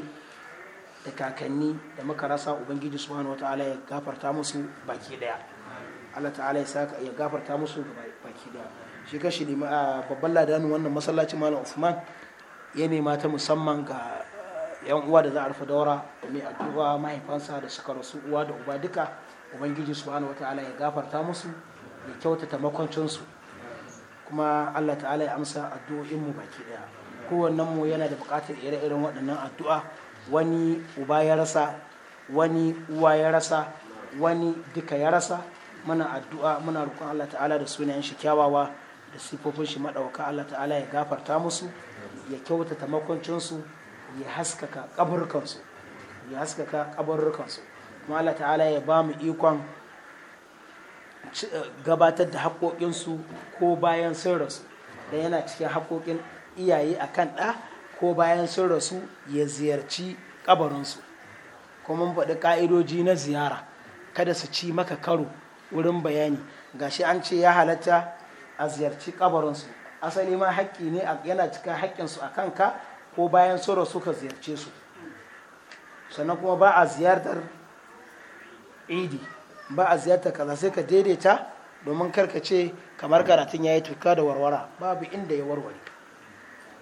S1: da kakanni da muka rasa ubangiji subhanahu wataala ya gafarta musu baki daya Allah ta'ala ya saka ya gafarta musu baki daya shi shi ne babban ladanin wannan masallaci malam Usman ya nema ta musamman ga yan uwa da za a rufe daura da mai addu'a mahaifansa da suka rasu uwa da uba duka ubangiji subhanahu wataala ya gafarta musu ya kyautata makwancinsu kuma allah ta'ala ya amsa addu'o'inmu baki daya kowannen mu yana da buƙatar ire-iren waɗannan addu'a wani uba ya rasa wani uwa ya rasa wani duka ya rasa muna addu'a muna roƙon allah ta'ala da sunayen shi kyawawa da sifofin shi maɗauka allah ta'ala ya gafarta musu ya kyautata makwancinsu ya haskaka kaburkansu ya haskaka kaburkansu kuma Allah ta'ala ya ba mu ikon eh, gabatar da haƙoƙinsu ko bayan sun rasu da yana cikin haƙoƙin iyaye a kan ɗa ko bayan sun rasu ya ziyarci ƙabarinsu kuma faɗi ƙa'idoji na ziyara kada su ci maka karo wurin bayani gashi an ce ya halatta a ziyarci ƙabarinsu asali ma haƙƙi ne yana cikin haƙƙinsu a kanka ko bayan sun rasu ka ziyarce su sannan kuma ba a ziyartar idi ba a ziyarta kaza sai ka daidaita domin karka ce kamar karatun ya yi tuka da warwara babu inda ya warware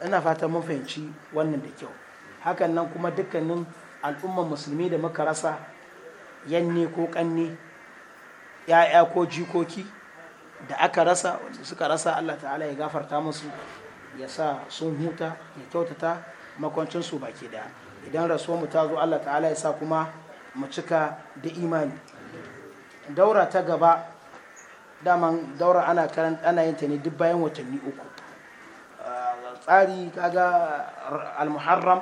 S1: ina fata mun fahimci wannan da kyau hakan nan kuma dukkanin al'ummar musulmi da muka rasa yanne ko kanne ya'ya ko jikoki da aka rasa wanda suka rasa allah ta'ala ya gafarta musu ya sa sun huta ya kyautata makwancinsu baki daya idan rasuwar mu ta zo allah ta'ala ya sa kuma mu cika da imani daura ta gaba daman daura ana ana yin ta ne duk bayan watanni uku ah, tsari kaga al-muharram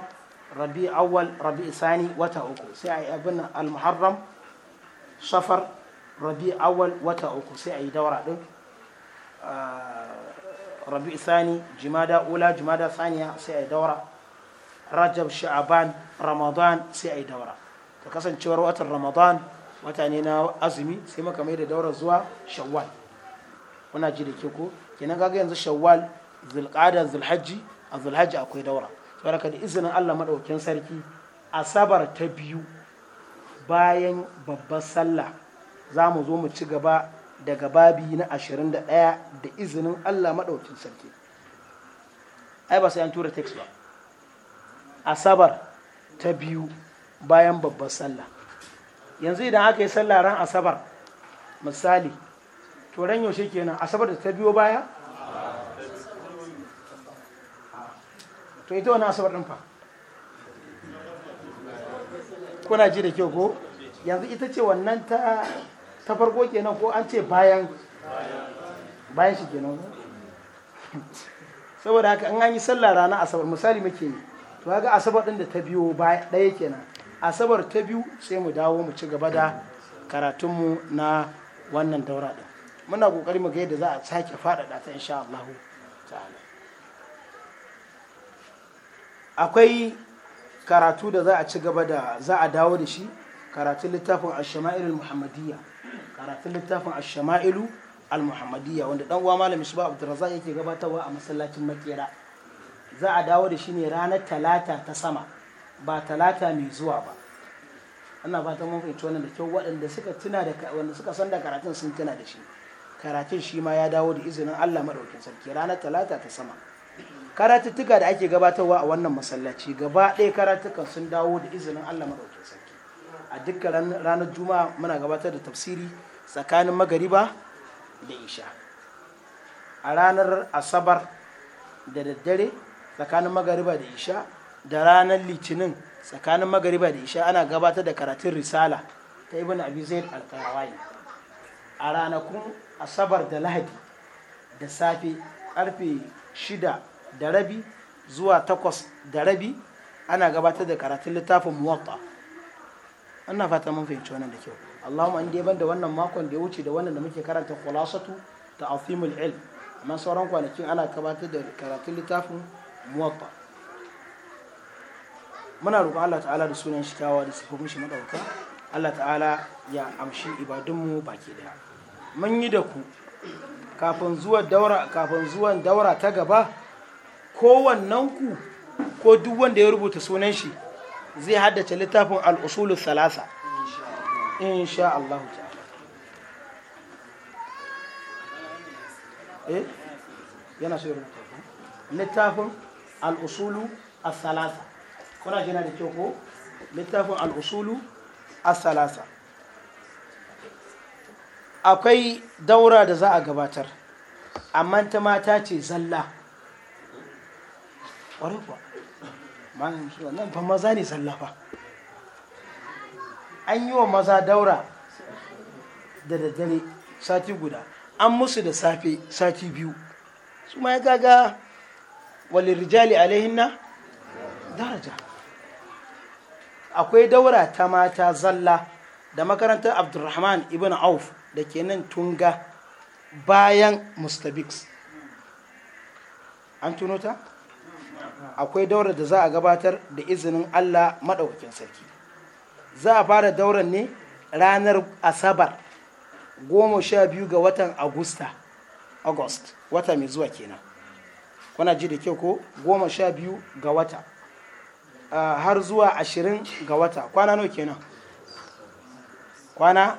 S1: rabi awwal rabi isani wata uku sai a yi abin al-muharram safar rabi awwal wata uku sai a yi daura din ah, rabi isani jimada ula jimada saniya sai a yi daura rajab sha'aban ramadan sai a yi daura ka kasancewar watan ramadan wata ne na azumi sai maka mai da daura zuwa shawwal kuna ji da ke ko kenan kaga yanzu shawwal zulqada zulhajji a zulhajji akwai daura saboda da izinin Allah madaukakin sarki asabar ta biyu bayan babbar sallah za mu zo mu ci gaba daga babi na 21 da izinin Allah madaukakin sarki ai ba sai an tura text ba asabar ta biyu bayan babbar sallah yanzu idan aka yi sallah ran asabar misali to ran yaushe kenan asabar da ta biyo baya to ita wani asabar ɗin fa
S2: kuna ji da kyau
S1: ko yanzu ita ce wannan ta ta farko kenan ko an ce bayan bayan shi kenan saboda haka an yi sallah rana asabar misali muke ne to ga asabar ɗin da ta biyo ɗaya kenan asabar ta biyu sai mu dawo mu ci gaba da karatunmu na wannan daura ɗin muna ƙoƙari mu ga yadda za a sake faɗaɗa ta insha Allah ta'ala akwai karatu da za a ci gaba da za a dawo da shi karatun littafin ash-shama'il al-muhammadiyya karatun littafin ash-shama'il al-muhammadiyya wanda dan uwa malam Isba Abdurrazzaq yake gabatarwa a masallacin Makera za a dawo da shi ne ranar talata ta sama ba talata mai zuwa ba ana fatan mun fahimci wannan da kyau waɗanda suka tuna da wanda suka san da karatun sun tuna da shi karatun shi ma ya dawo da izinin Allah madaukakin sarki ranar talata ta sama karatuttuka da ake gabatarwa a wannan masallaci gaba ɗaya karatukan sun dawo da izinin Allah madaukakin sarki a dukkan ranar juma'a muna gabatar da tafsiri tsakanin magariba da isha a ranar asabar da daddare tsakanin magariba da isha da ranar litinin tsakanin magariba da isha ana gabatar da karatun risala ta ibn abi zaid al-qarawai a ranakun asabar da lahadi da safe karfe shida da rabi zuwa takwas da rabi ana gabatar da karatun littafin muwatta ana fata mun fahimci wannan da kyau allahumma in ban da wannan makon da ya wuce da wannan da muke karanta khulasatu ta azimul ilm amma sauran kwanakin ana gabatar da karatun littafin muwatta muna roƙon Allah ta'ala da sunan shi kyawa da sifofin shi madauka Allah ta'ala ya amshi ibadunmu baki daya mun yi da ku kafin zuwan daura kafin zuwan daura ta gaba kowannen ku ko duk wanda ya rubuta sunan shi zai haddace littafin al-usulul thalatha insha Allah ta'ala eh yana so ya rubuta littafin al-usulu al-thalatha kuna jina da kyau ko littafin al'usulu asalasa. salasa akwai daura da za a gabatar amma ta mata ce zalla ƙwarai kuwa ba maza ne zalla ba an yi wa maza daura da daddare sati guda an musu da safe sati biyu su ma ya gaga walirrijali alaihinna daraja akwai daura ta mata zalla da makarantar abdulrahman ibn auf da ke nan tunga bayan mustabix an tuno ta akwai daura da za a gabatar da izinin allah maɗaukakin sarki za a fara dauran ne ranar asabar goma sha biyu ga watan agusta august wata mai zuwa kenan kuna ji da kyau ko goma sha biyu ga wata Eh, har zuwa ashirin ga wata kwana nawa kenan kwana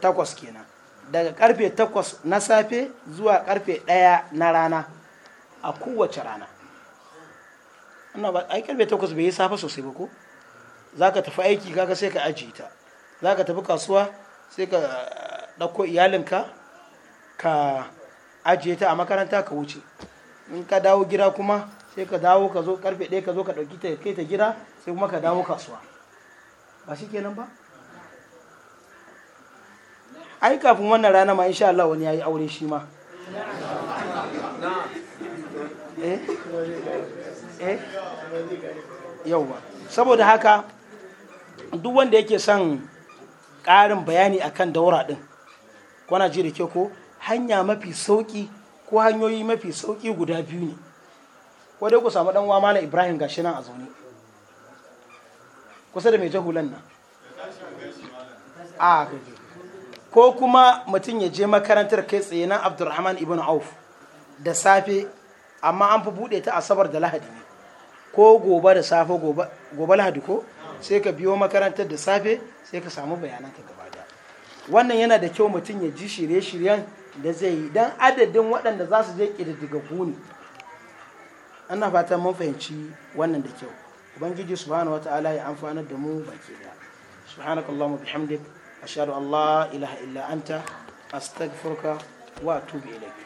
S1: takwas kenan daga karfe takwas na safe zuwa karfe daya na rana a kowace rana ana ba karfe takwas bai yi safe sosai ba ko za ka tafi aiki kaka sai ka ajiye ta za ka tafi kasuwa sai ka eh, ɗauko iyalinka ka ajiye ta a makaranta ka wuce in ka dawo gida kuma sai ka dawo ka zo karfe ɗaya ka zo ka ɗauki ta kai ta gida sai kuma ka dawo kasuwa ba shi kenan ba ai kafin wannan rana ma insha Allah wani yayi aure shi ma
S2: eh eh
S1: saboda haka duk wanda yake son ƙarin bayani akan daura din kwana ji da ke ko hanya mafi sauki ko hanyoyi mafi sauki guda biyu ne ko dai ku samu dan uwa malam ibrahim gashi nan a zaune kusa da mai ta hulan nan ah ko kuma mutum ya je makarantar kai tsaye na Abdurrahman ibn auf da safe amma an fi bude ta asabar da lahadi ne ko gobe da safe gobe lahadi ko sai ka biyo makarantar da safe sai ka samu bayanan ka gaba da wannan yana da kyau mutum ya ji shirye-shiryen da zai yi don adadin waɗanda za su je ƙididdigaggu ne ana fatan mun fahimci wannan da kyau ubangiji subhanahu wataala ya amfanar da mu baki da subhanakallahumma bihamdik ashhadu an la ilaha illa anta astaghfiruka wa atubu ilaik